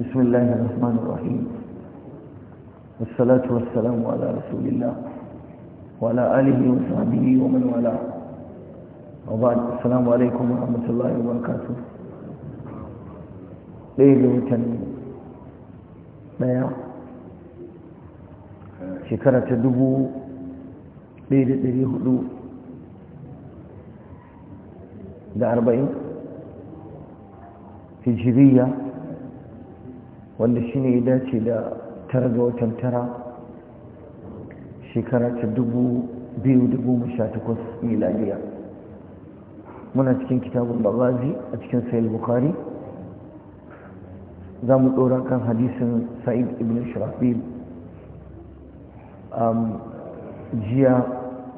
بسم الله الرحمن الرحيم والصلاة والسلام على رسول الله وعلى آله وصحبه ومن والاه وبعد السلام عليكم ورحمة الله وبركاته ليلة ɗaya shekara ta dubu ɗaya da ɗari hudu da arba'in hijiriya wanda shi ne ya dace da tara ga watan tara shekara ta dubu biyu dubu masha takwas miladiya muna cikin kitabun babazi a cikin sayil bukari za mu ɗora kan hadisin sa'id ibn a jiya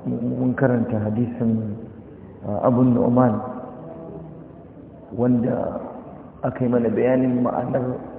mun karanta hadisin uh, abun oman wanda aka yi mana bayanin ma'anar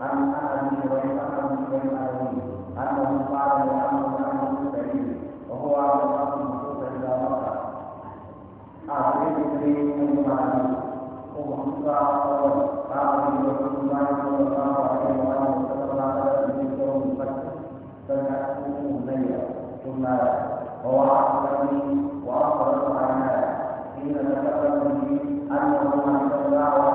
عن أبي وإسحاق بن أبي أنه قال لعمر بن أبي سعيد وهو أبو مسعود إلى مكة أعطيت لي من معي وهم قالوا قال رسول الله صلى الله عليه وسلم على سبيل يوم الفتح فنحكمه بين ثم هو أخبرني وأخبر عنها حين ذكرني أنه من الله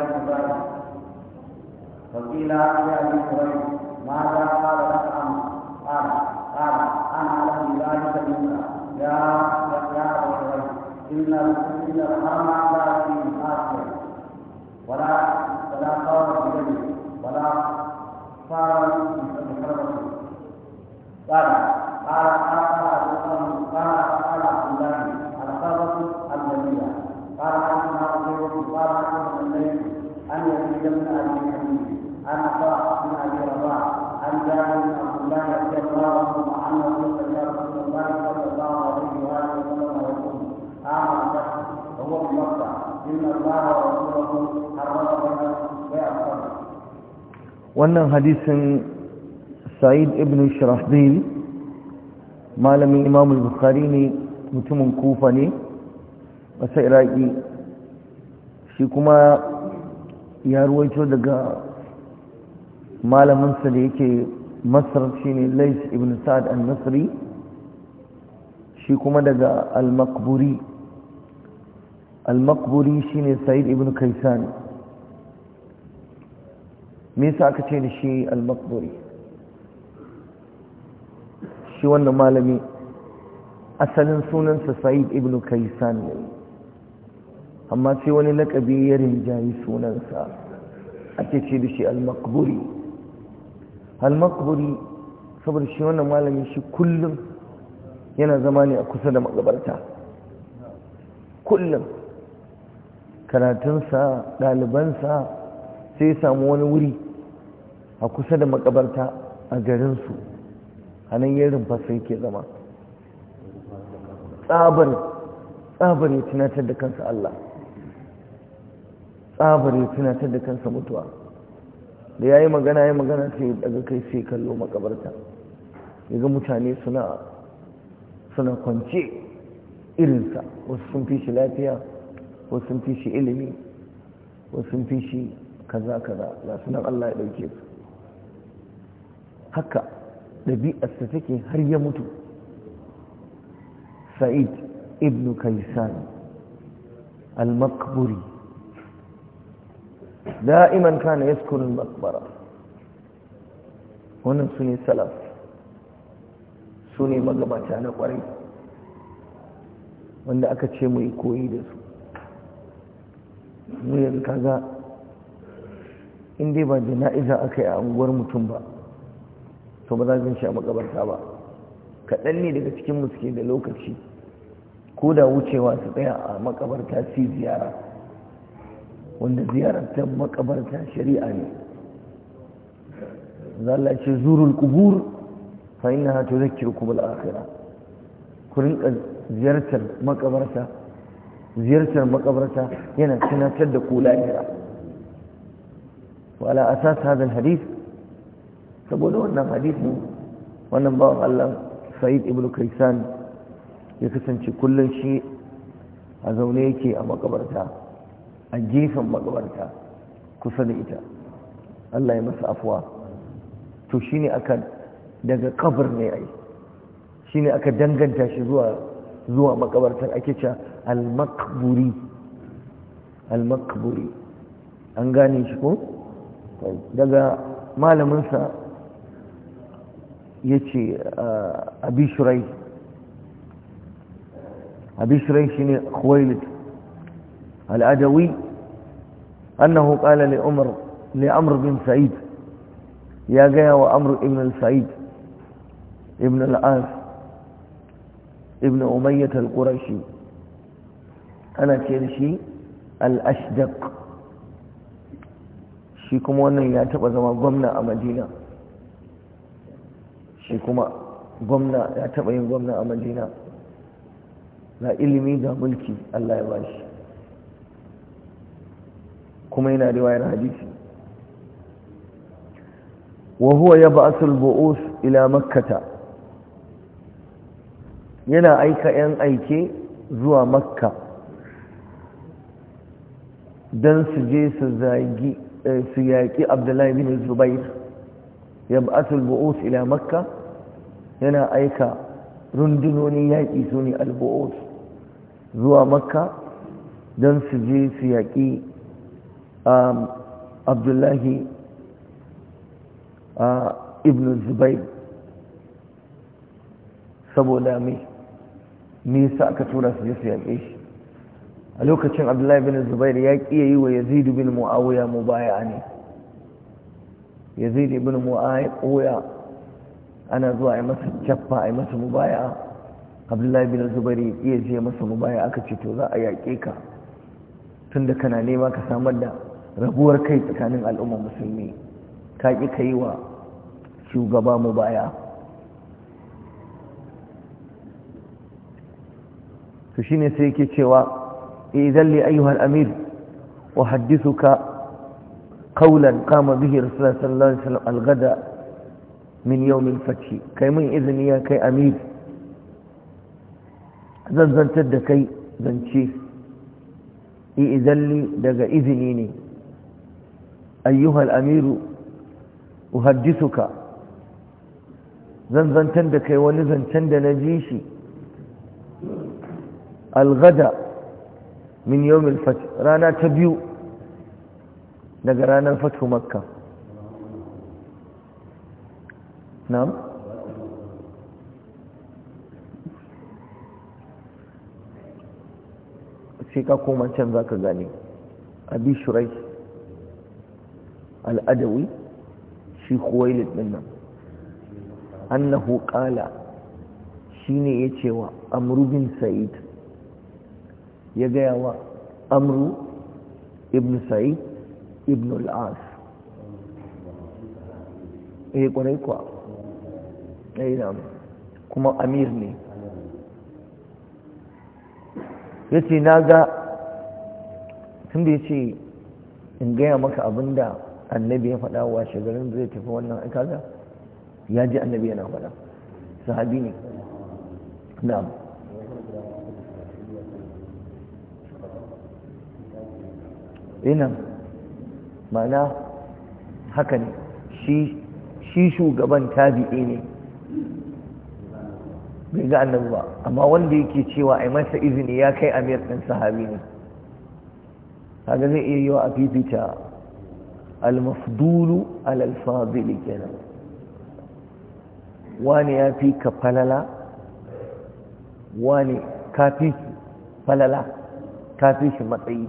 المبارك وقيل يا ابي هريره ماذا قال لك عمرو قال قال انا على ذلك منك يا يا ابي هريره ان ان الحرم لا فيه اخر ولا ولا قول بيده ولا صار بحرمه قال قال قال قال قال عبد الله القرضه الجميله قال عنها غيره قال عنها الليل أن يزيد من أبي حبيب أن أطاع بن أبي رباح أن جابر بن عبد الله رضي الله عنه محمد بن رسول الله صلى الله عليه وآله وسلم يقول أعمى الشخص وهو في مكة إن الله ورسوله حرم بين بيع wannan hadisin sa'id ibn shirafdil malamin imamul bukhari ne mutumin kufa ne wasa iraki shi kuma ya ruwaito daga malaminsa da yake masar shine lais ibn sa'ad al-masri shi kuma daga al-makburi al-makburi shine sa'id ibn kaisan me yasa aka ce da shi al-makburi shi wannan malami asalin sunansa sa'id ibn kaisan ne amma sai wani lakabi ya rinjayi sunansa ake ce da shi al-maqburi saboda shi wannan malamin shi kullum yana zama ne a kusa da magabarta kullum karatunsa ɗalibansa sai samu wani wuri a kusa da makabarta a garinsu a nan yarin rumfasa yake zama tsabar tsabar ya tunatar da kansa Allah tsabari tunatar da kansa mutuwa da ya yi magana ya magana sai daga kai sai kallo makabarta yaga mutane suna suna kwance irinsa wasu sun fi shi lafiya wasu sun fi shi ilimi wasu sun fi shi kaza kaza ga sunan Allah ya ɗauke su haka sa take har ya mutu sa'id ibn kaisan al-makburi da'iman na yaskurul makbara wannan su ne salaf su ne magabata na kwarai wanda aka ce mu yi koyi da su mu yanzu kaga in dai ba jana'iza aka yi a unguwar mutum ba to ba za zan sha makabarta ba kaɗan ne daga cikin suke da lokaci ko da wucewa su tsaya a makabarta su ziyara wanda ziyartar makabarta shari'a ne a ce zurul kubur fa innaha tudhakkirukum al-akhirah kurin ziyartar makabarta ziyartar makabarta yana tunatar da ku lahira wa ala sa hadha hadith saboda wannan hadisi wannan bawan Allah Sa'id ibn kaisan ya kasance kullum shi a zaune yake a makabarta a gefen makabarta kusa da ita Allah ya masa afuwa to shi ne aka daga kabar ne ai ne aka danganta shi zuwa zuwa makabartar ake cewa al-maqburi al-maqburi an gane shi ko daga malaminsa ya ce abishirai abishirai shi ne khuwailid العدوي أنه قال لأمر لأمر بن سعيد يا wa وأمر ابن السعيد ابن العاص ابن أمية القرشي أنا كيرشي الأشدق shi kuma ya taba shi kuma gwamna ya taba yin gwamna a madina na ilimi da mulki Allah ya bashi kuma yana da riwayar hadisi wa huwa yab'athu al-bu'us ila Makkata, yana aika yan aike zuwa makka don su je su zagi eh, su yaki abdullahi bin zubair yab'athu al-bu'us ila Makka, yana aika rundunonin yaƙi su ne al-bu'us zuwa makka don su je su yaƙi Um, abdullahi uh, ibn zubair saboda mai nisa aka tura su je su yaƙe shi a lokacin abdullahi Ibn zubair ya ƙiya yi wa Yazidu bin mu'awiya mubaya ne Yazidu bin mu'awiya ana zuwa a masa cappa a masa mu mubaya abdullahi Ibn zubair ya ƙiya je masa mu baya aka ce to za a yaƙe ka tunda kana nema ka samar da rabuwar kai tsakanin al'ummar musulmi ka ƙi ka yi wa shugaba mu baya to shine sai yake cewa idan li ayyuhal amir wa haddithuka qawlan qama bihi rasulullah sallallahu alaihi wasallam yau min yawm kai mun izini ya kai amir zan zantar da kai zance idan li daga izini ne ayyuhal amiru uhaddisuka zan zantar da kai wani zancen da na ji shi algada min yawmil fath rana ta biyu daga ranar fathu makka na'am ka koma can zaka gane abi shurai al'adawi shi kuwailid din nan annahu qala ne ya cewa amru bin sa'id ya gaya wa amru ibn sa'id ibn al'as eh ƙwarai kuwa ɗaya kuma amir ne ya ce na ga tun da ya ce in gaya maka abin da. annabi ya faɗa wa shagarin zai tafi wannan aikata? ya ji annabi yana faɗa sahabi ne na'am ina eh, ma'ana haka ne shi shugaban tabi'i ne bai ga annabi ba amma wanda yake cewa a masa izini ya kai amir ɗin sahabi ne haka zai iya yi wa a fifita al-mafdulu al-fadili kenan wani ya fi ka falala wani ka shi falala ka shi matsayi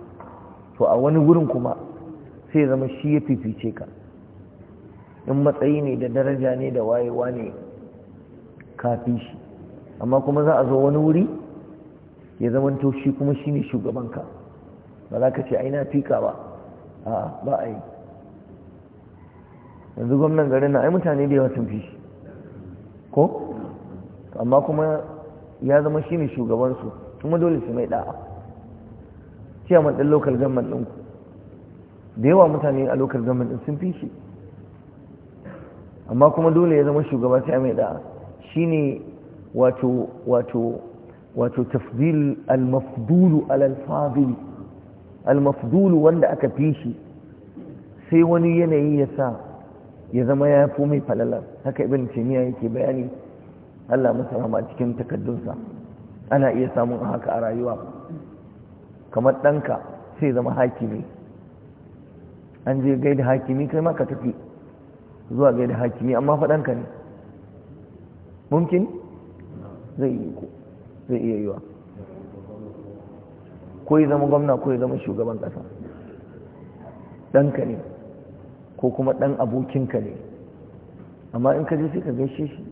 to a wani wurin kuma sai zama shi ya fifice ka in matsayi ne da daraja ne da waye ne ka shi amma kuma za a zo wani wuri ya zamanto shi kuma shi ne shugabanka ba za ka ce aina fika ba a ba a yi yanzu gwamnan garin na ai mutane da yawa sun fi shi ko amma kuma ya zama shi ne shugabansu kuma dole su mai da'a ciyaman ɗin lokal government ɗin ku da yawa mutane a lokal government ɗin sun fi shi amma kuma dole ya zama shugaba sai mai da'a shi ne wato wato wato tafdil al-mafdulu al-fadil al wanda aka fi shi sai wani yanayi ya sa ya zama ya fi mai falala haka ibn taymiya yake bayani Allah masu rama cikin takaddunsa ana iya samun haka a rayuwa kamar ɗanka sai zama hakimi an je gaida hakimi kai ma ka tafi zuwa gaida hakimi amma fa ne mumkin zai yi ko zai iya yiwa ko ya zama gwamna ko ya zama shugaban ƙasa ɗanka ne ko kuma ɗan abokinka ne amma in ka je sai ka gaishe shi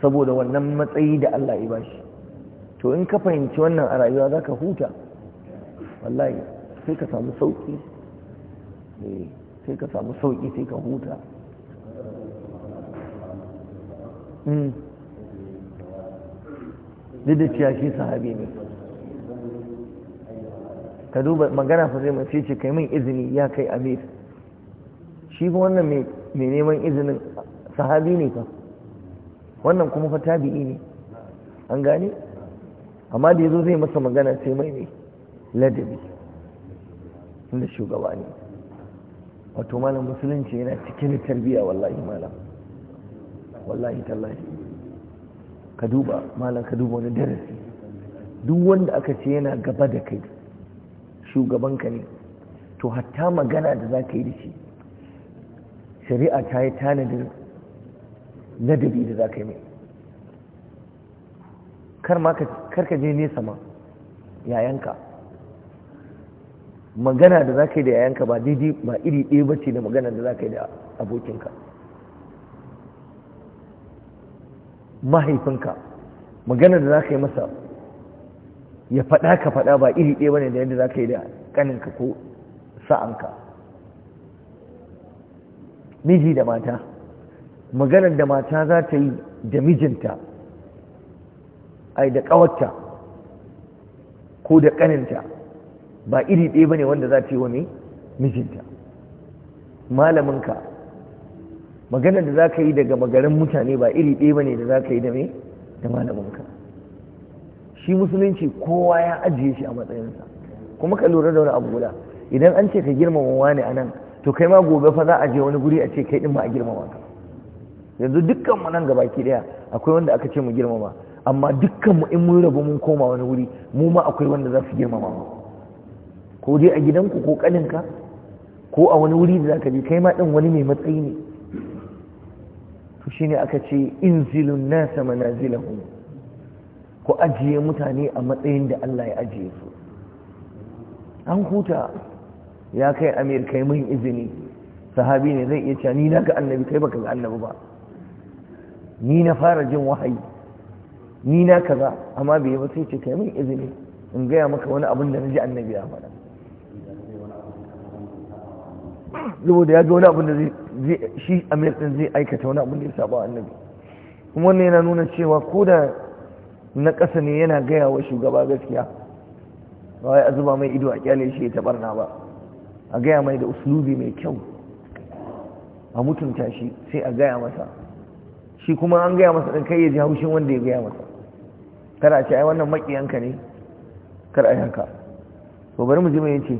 saboda wannan matsayi da Allah ya bashi to in ka fahimci wannan a rayuwa za ka huta wallahi sai ka samu sauƙi eh, sai ka samu sauƙi sai ka huta hmm. duk da cewa shi sahabi ne ka duba magana fa zai mace ce kai min izini ya kai amir shi kuma wannan mai neman izinin sahabi ne ka wannan kuma fa tabi'i ne an gane amma da yazo zai masa magana sai mai ne ladabi inda shugaba ne wato malam musulunci yana cikin tarbiyya wallahi malam wallahi tallahi ka duba malam ka duba wani darasi duk wanda aka ce yana gaba da kai shugabanka ne to hatta magana da za ka yi da shi shari'a ta yi tanadin ladabi da za ka yi mai kar ma ka je nesa ma yayanka magana da za ka yi da yayanka ba daidai ba iri ɗaya ba ce da magana da za ka yi da abokinka mahaifinka magana da za ka yi masa ya faɗa ka faɗa ba iri ɗaya ba ne da yadda za ka yi da ƙaninka ko sa'anka miji da mata maganar da mata za ta yi da mijinta ai da ƙawarta ko da ƙaninta ba iri ɗaya ba ne wanda za ta yi wa mai mijinta malaminka maganar da za ka yi daga magarin mutane ba iri ɗaya ba ne da za ka yi da mai da malaminka shi musulunci kowa ya ajiye shi a matsayinsa kuma ka lura da wani abu guda idan an ce ka girmama wani a nan to kai ma gobe fa za a je wani guri a ce kai din ma a girmama ka yanzu dukkan mu nan gabaki daya akwai wanda aka ce mu girmama amma dukkan mu in mun rabu mun koma wani wuri mu ma akwai wanda za su girmama mu ko dai a gidanku ko kaninka ko a wani wuri da zaka je kai ma din wani mai matsayi ne to shine aka ce inzilun nasa manazilahum ko ajiye mutane a matsayin da Allah ya ajiye su an huta ya kai amir kai mun izini sahabi ne zai iya cewa ni na ga annabi kai baka ga annabi ba ni na fara jin wahayi ni na kaza amma bai yi ba sai ce kai mun izini in gaya maka wani abin da na ji annabi ya faɗa saboda ya ga wani abin da zai shi amir din zai aikata wani abin da ya saba annabi kuma wannan yana nuna cewa ko da na ƙasa ne yana gaya wa shugaba gaskiya ba wai a zuba mai ido a kyale shi ya taɓarna ba a gaya mai da uslubi mai kyau a mutunta shi sai a gaya masa shi kuma an gaya masa ɗin kai ya ji haushin wanda ya gaya masa kada ce ai wannan makiyanka ne kar a yi haka to bari mu ji mai yace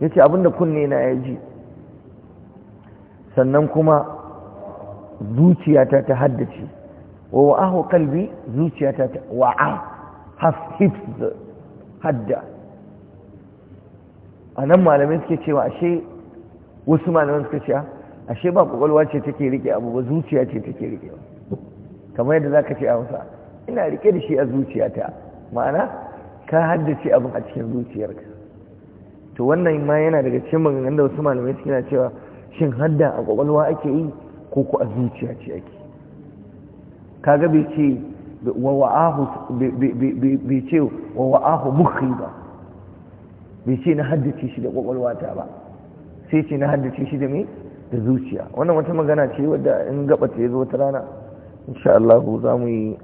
yace abinda kunne na ya ji sannan kuma zuciyata ta haddace wa wa'ahu kalbi zuciyata ta wa'a has hifz hadda a nan malamai suke cewa ashe wasu malamai suka ce ah, ashe ba kwakwalwa ce take rike abu ba zuciya ce take rike Ba kamar yadda za ka ce a wasa ina rike da shi a zuciya ta ma'ana ka haddace abin a cikin zuciyarka to wannan ma yana daga cikin maganganun da wasu malamai suke na cewa shin hadda a kwakwalwa ake yi ko ku a zuciya ce ake kaga bai ce wa wa'ahu bai ce wa wa'ahu mukhi ba bai ce na haddace shi da kwakwalwata ba sai ce na haddace shi da mai da zuciya wannan wata magana ce wadda in gaba ta zo wata rana insha Allah za mu yi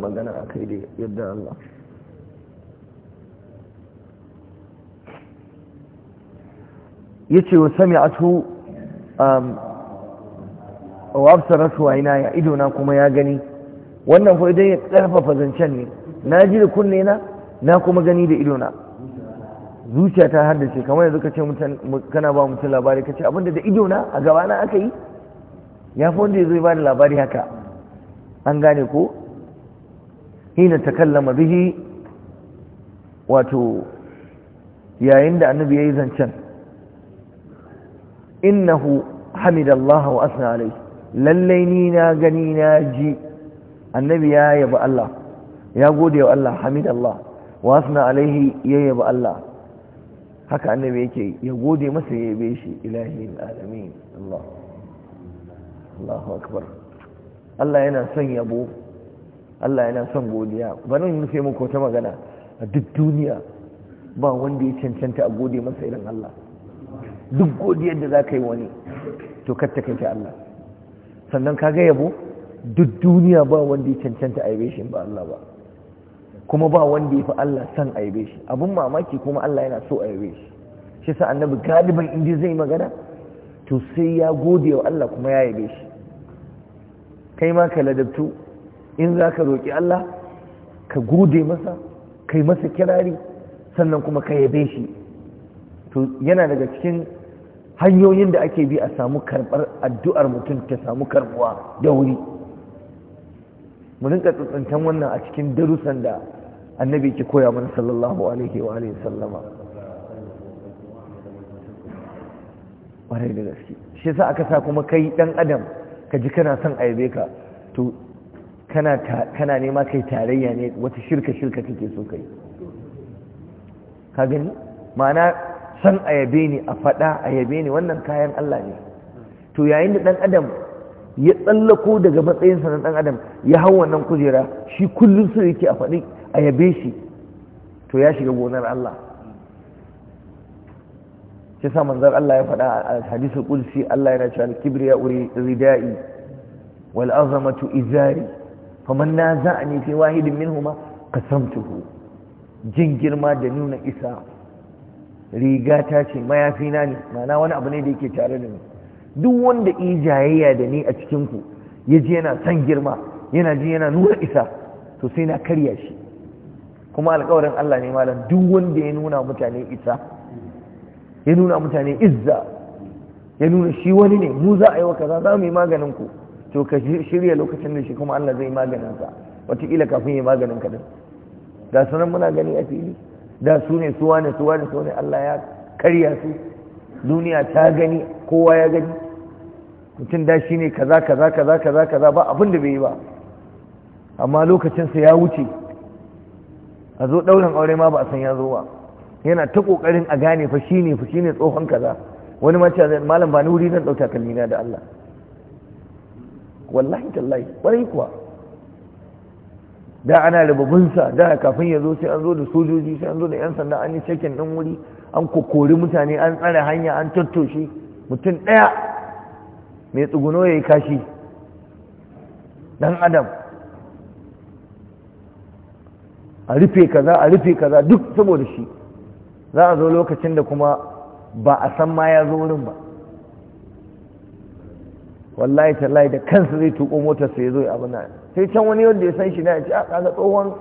magana a kai da yadda Allah ya ce wa sami a su um, wa absaratu aina ya idona kuma ya gani wannan fa idan ya karfafa zancen ne na ji da kunne na na kuma gani da idona zuciya ta haddace kamar yanzu ka ce kana ba mutum labari ka ce abinda da ido na a gaba na aka yi ya fi wanda ya zo ba da labari haka an gane ko hina ta kallama bihi wato yayin da annabi ya yi zancen innahu hamidallah wa asna alai lallai ni na gani na ji annabi ya yaba Allah ya gode wa Allah hamidallah wa asna alaihi ya yaba Allah haka annabi yake ya gode masa ya yabe shi ilahi alamin Allah Allahu akbar Allah yana son yabo Allah yana son godiya bari mu sai muku ta magana a duk duniya ba wanda ya cancanta a gode masa irin Allah duk godiyar da zaka yi wani to kar ta kai Allah sannan kaga yabo duk duniya ba wanda ya cancanta a yabe shi ba Allah ba kuma ba wanda ya fi Allah san aibe shi abun mamaki kuma Allah yana so aibe shi shi sa annabi galiban inda zai magana to sai ya gode wa Allah kuma ya yabe shi kai ma ka ladabtu in za ka roƙi Allah ka gode masa kai masa kirari sannan kuma ka yabe shi to yana daga cikin hanyoyin da ake bi a samu karɓar addu'ar mutum ta samu karbuwa da wuri mu rinka tsantsantan wannan a cikin darussan da annabi ki koya mana sallallahu alaihi wa alihi sallama ƙwarai da gaske shi yasa aka sa kuma kai dan adam ka ji kana son aibe ka to kana nema kai tarayya ne wata shirka shirka kake so kai ka gani ma'ana san ayabe ne a faɗa ayabe ne wannan kayan Allah ne to yayin da ɗan adam ya tsallako daga matsayinsa na ɗan adam ya hau wannan kujera shi kullum su yake a faɗi a yabe shi to ya shiga gonar Allah shi sa manzar Allah ya faɗa a hadisul qudsi Allah yana cewa kibriya uri ridai wal azamatu izari faman naza'ani fi wahidin minhuma qasamtuhu jin girma da nuna isa riga ta ce mayafina ne mana wani abu ne da yake tare da ni duk wanda ijayayya da ni a cikin ku ji yana san girma yana ji yana nuna isa to sai na karya shi kuma alkawarin Allah ne malam duk wanda ya nuna mutane isa ya nuna mutane izza ya nuna shi wani ne mu za a yi wa kaza za mu yi maganin ku to ka shirya lokacin da shi kuma Allah zai maganin sa wataƙila kafin ya maganin ka din da sunan muna gani a fili da su ne su wane su wane su ne Allah ya karya su duniya ta gani kowa ya gani mutum da shi ne kaza kaza kaza kaza kaza ba abin da bai yi ba amma lokacin sa ya wuce a zo ɗaurin aure ma ba a san ya zo ba yana ta ƙoƙarin a gane fa shi ne fa shi ne tsohon kaza wani ma cewa malam ba ni wuri zan ɗauka kalmina da Allah wallahi tallahi ƙwarai kuwa da ana rububinsa da kafin ya zo sai an zo da sojoji sai an zo da 'yan sanda an yi cekin ɗin wuri an kokori mutane an tsare hanya an tattoshe mutum ɗaya mai tsuguno ya yi kashi ɗan adam a rufe kaza a rufe kaza duk saboda shi za a zo lokacin da kuma ba a san ma ya zo wurin ba wallahi tallahi da kansa zai tuko motar sai ya zo abu na sai can wani wanda ya san shi na ya ce a ah, kaga tsohon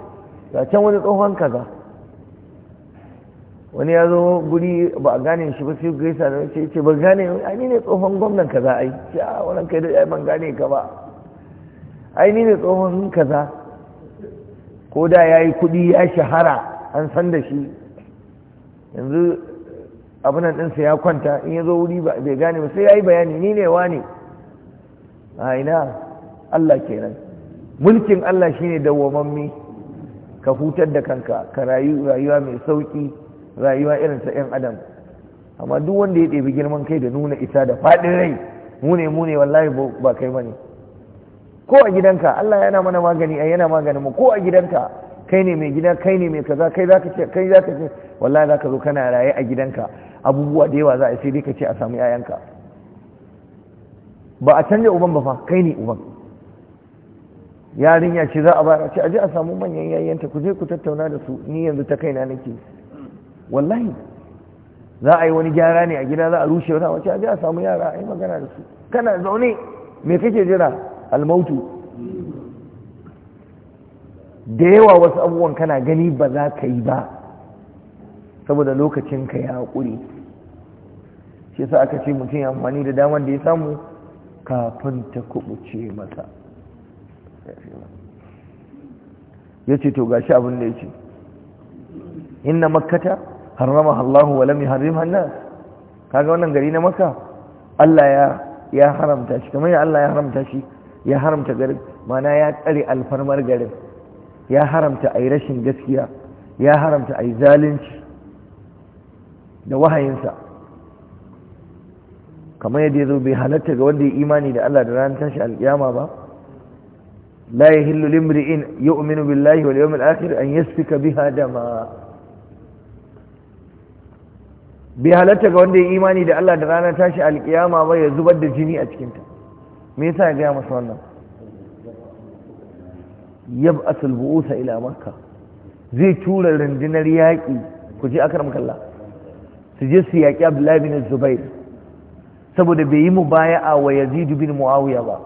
ga can wani tsohon kaza wani ya zo guri ba a gane shi ba sai gaisa da wace ce ba gane a ni ne tsohon gwamnan kaza ai ce a ah, wannan kai da ai ban gane ka ba ai ni ne tsohon kaza ko da ya yi kuɗi ya shahara an san da shi yanzu abinan ɗinsa ya kwanta in ya zo wuri bai gane ba sai ya yi bayani ni ne wane a ina Allah kenan mulkin Allah shine dawwamammi ka hutar da kanka ka rayuwa mai sauki rayuwa irin ta ɗan adam amma duk wanda ya ɗebi girman kai da nuna ita da faɗin rai mu ne wallahi ba kai ne ko a gidanka Allah yana mana magani ai yana magani mu ko a gidanka kai ne mai gida kai ne mai kaza kai zaka ce kai zaka ce wallahi zaka zo kana raye a gidanka abubuwa da yawa za a sai dai ka ce a samu yayanka ba a canja uban ba fa kai ne uban yarinya ce za a ba ce aje a samu manyan yayanta ku je ku tattauna da su ni yanzu ta kaina nake wallahi za a yi wani gyara ne a gida za a rushe wata wace aje a samu yara a yi magana da su kana zaune me kake jira almautu da yawa wasu abubuwan kana gani ba za ka yi ba saboda lokacinka ya haƙuri shi sa aka ce mutum ya amfani da damar da ya samu kafin ta kubuce masa ya ce to gashi abin da ya ce inna makkata harrama Allahu wa lam yuharrim an kaga wannan gari na makka Allah ya ya haramta shi kamar Allah ya haramta shi ya haramta garin mana ya tsare alfarmar garin ya haramta a yi rashin gaskiya ya haramta a yi zalunci da wahayinsa kamar yadda ya zo bai halatta ga wanda ya imani da Allah da ranar tashi alƙiyama ba la in limri'in uminu billahi wa yawmil akhir an yi yasfika biha ma bai halatta ga wanda ya imani da Allah da ranar tashi alƙiyama ba ya zubar da jini a cikinta me yasa ya gaya masa wannan yab'atul bu'usa ila makka zai tura rundunar yaƙi ku je akar makalla su je su yaƙi abdullahi bin zubair saboda bai yi mubaya'a wa yazid bin muawiya ba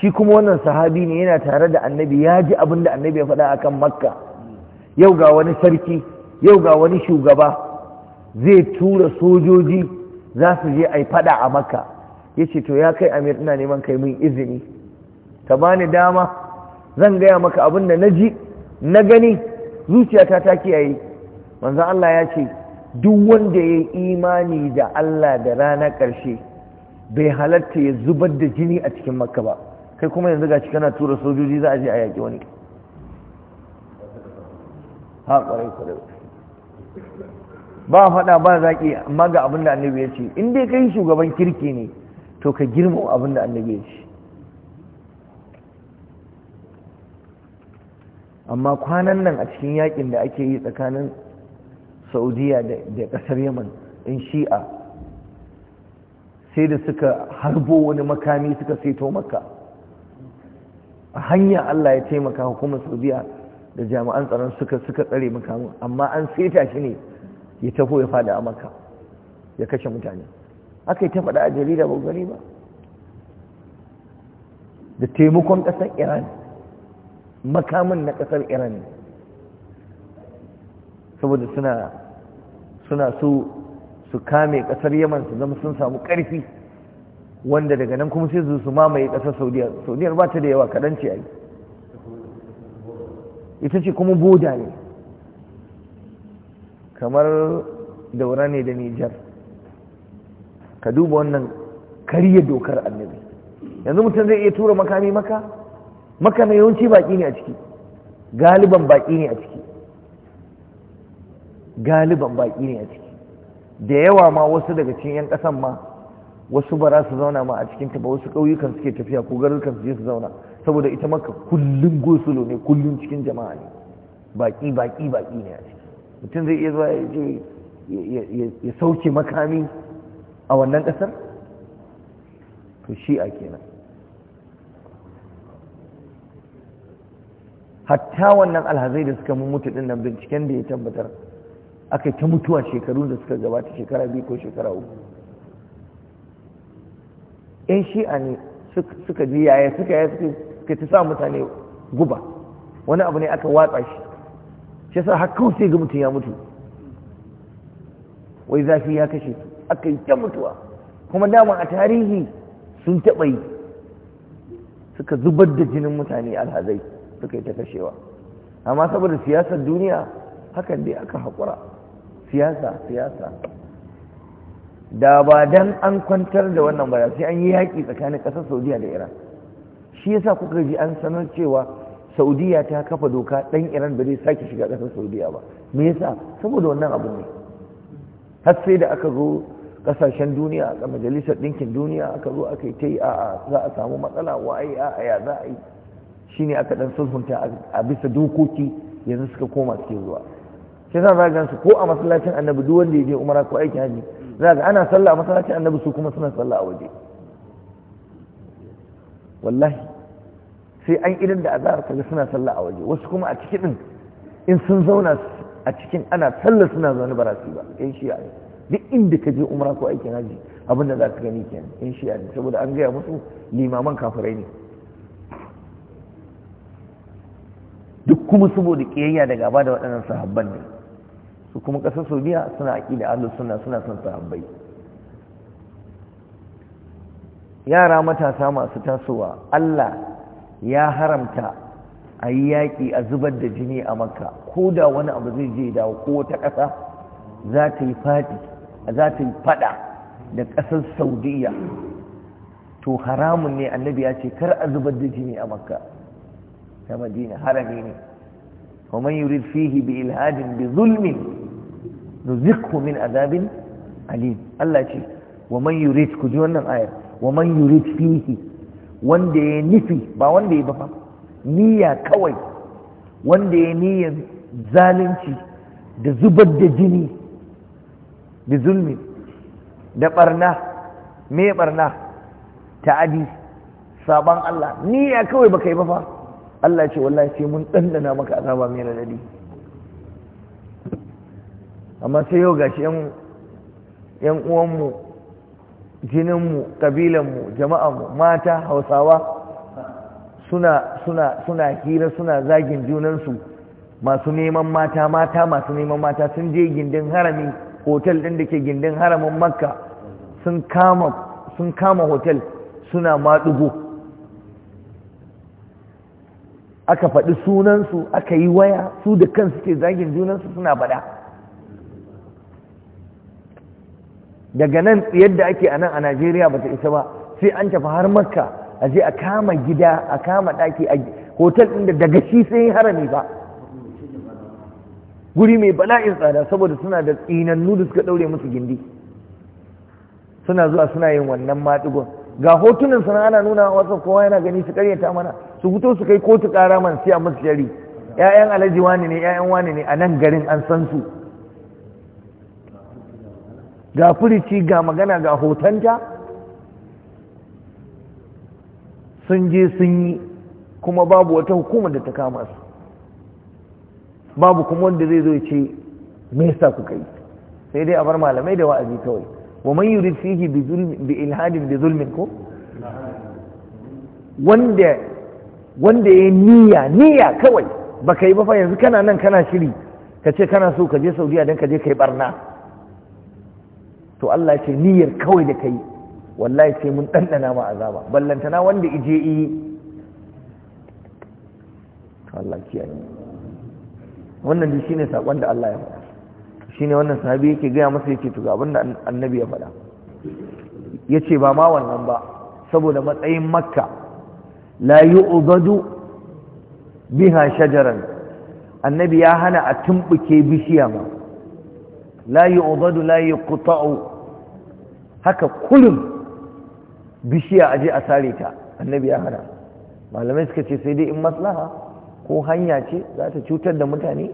shi kuma wannan sahabi ne yana tare da annabi ya ji abin da annabi ya faɗa akan makka yau ga wani sarki yau ga wani shugaba zai tura sojoji za su je a yi faɗa a makka ya ce to ya kai amir ina neman kai mun izini ka bani dama zan gaya maka abin da na ji na gani zuciyata ta kiyaye manzo Allah ya ce duk wanda ya imani da Allah da ranar karshe bai halatta ya zubar da jini a cikin makka ba kai kuma yanzu ga kana tura sojoji za a je a yaki wani ha ba faɗa ba zaƙi amma ga abin da annabi ya ce in dai kai shugaban kirki ne to ka girma abin da annabi ya ce amma kwanan nan a cikin yakin da ake yi tsakanin saudiya da kasar yaman in shi'a sai da suka harbo wani makami suka saito maka a hanya allah ya taimaka hukumar saudiya da jami'an tsaron suka suka tsare makamin amma an seta shi ne ya taho ya fada a maka ya kashe mutane aka yi ta faɗa a jarida ba gani ba da taimakon ƙasar iran makamin na ƙasar iran saboda suna so su kame ƙasar yaman su zama sun samu ƙarfi wanda daga nan kuma sai su mamaye ƙasar saudiyar saudiyar ba ta da yawa kaɗan ce a ita ce kuma boda ne kamar daura ne da nijar ka duba wannan kariyar dokar annabi yanzu mutum zai iya tura makami maka maka mai yawanci baki ne a ciki galiban baki ne a ciki galiban baki ne a ciki da yawa ma wasu daga cikin 'yan kasan ma wasu ba za su zauna ma a cikin ta ba wasu ƙauyukan suke tafiya ko garurukan su je su zauna saboda ita maka kullum gosulo ne kullum cikin jama'a ne baki baki baki ne a ciki mutum zai iya zuwa ya sauke makami a wannan ƙasar to shi'a kenan hatta wannan alhazai da suka mutu dinnan nan binciken da ya tabbatar aka ta mutuwa shekaru da suka gabata shekara biyu ko shekara uku yan shi'a ne suka ji yaya suka yaya suka ta sa mutane guba wani abu ne aka watsa shi shi sa haka kawai sai ga mutum ya mutu wai zafi ya kashe su aka yi ta mutuwa kuma dama a tarihi sun taɓa yi suka zubar da jinin mutane alhazai suka yi ta kashewa amma saboda siyasar duniya hakan dai aka haƙura siyasa siyasa da ba dan an kwantar da wannan ba sai an yi yaƙi tsakanin ƙasar saudiya da iran shi yasa kuka ji an sanar cewa saudiya ta kafa doka ɗan iran ba zai sake shiga ƙasar saudiya ba me yasa saboda wannan abu ne har sai da aka zo kasashen duniya a majalisar ɗinkin duniya aka zo aka yi ta yi a za a samu matsala waye a ya za a yi shi ne aka ɗan sulhunta a bisa dokoki yanzu suka koma suke zuwa shi za a gansu ko a masallacin annabi duk wanda ya je umara ko aikin haji za ga ana sallah a masallacin annabi su kuma suna sallah a waje wallahi sai an idan da azhar kaga suna sallah a waje wasu kuma a cikin in sun zauna a cikin ana sallah suna zaune ba ba yan shi'a ne duk inda ka je umra ko aikin haji abinda za ka gani kenan in shi ne saboda an gaya musu limaman kafirai ne duk kuma saboda kiyayya da gaba da waɗannan sahabban ne su kuma ƙasar saudiya suna aƙida da allo suna son sahabbai yara matasa masu tasowa Allah ya haramta a yi yaƙi a zubar da jini a makka ko da wani abu zai je dawo ko wata ƙasa za ta yi fadi. za ta yi fada da ƙasar saudiya to haramun ne annabi ya ce kar a zubar da jini a makka ta madina harami ne wa yi yurid fihi bi ilhadin bi zulmin nuzikhu min azabin alim Allah ce wa man yurid ku ji wannan ayar wa man yi fihi wanda ya nufi ba wanda ya ba fa. niyya kawai wanda ya niyyar zalunci da zubar da jini bi zulmi da barna me barna adi saban Allah ni ya kawai baka yi ba fa Allah ce wallahi sai mun dandana maka azaba mai radadi amma sai yau gashi yan yan uwanmu jininmu kabilanmu jama'anmu mata hausawa suna suna hira suna zagin junan su masu neman mata mata masu neman mata sun je gindin harami hotel ɗin da ke gindin haramin makka sun kama hotel suna maɗugo aka faɗi sunansu aka yi waya su da kansu ke zagin junansu suna baɗa daga nan yadda ake a nan a najeriya ba ta isa ba sai an tafi har makka a je a kama gida a kama ɗaki a hotel ɗin da daga shi sai harami ba guri mai bala'in tsada saboda suna da tsinannu da suka daure musu gindi suna zuwa suna yin wannan matsugun ga hotunan sana ana nuna a wasu kowa yana gani su karyata mana su fito su kai kotu kara man siya musu shari ƴaƴan alhaji wani ne ƴaƴan wani ne a nan garin an san su ga furici ga magana ga hotonta sun je sun yi kuma babu wata hukumar da ta kama su babu kuma wanda zai zo ya ce me yasa kuka yi sai dai a bar malamai da wa'azi kawai wa man yurid fihi bi zulmin bi ilhadin bi zulmin ko wanda wanda ya niyya niyya kawai baka yi ba fa yanzu kana nan kana shiri ka ce kana so ka je Saudiya dan ka je kai barna to Allah ce niyyar kawai da kai wallahi sai mun dandana ma azaba ballantana wanda ije yi Allah kiyaye wannan dai shine sakon da Allah ya faɗa shine wannan sahabi yake gaya masa yake to ga abin da annabi ya faɗa yace ba ma wannan ba saboda matsayin makka la yu'dadu biha shajaran annabi ya hana a tumbuke bishiya ma la yu'dadu la yuqta'u haka kullum bishiya aje a sare ta annabi ya hana malamai suka ce sai dai in maslaha ko hanya ce za ta cutar da mutane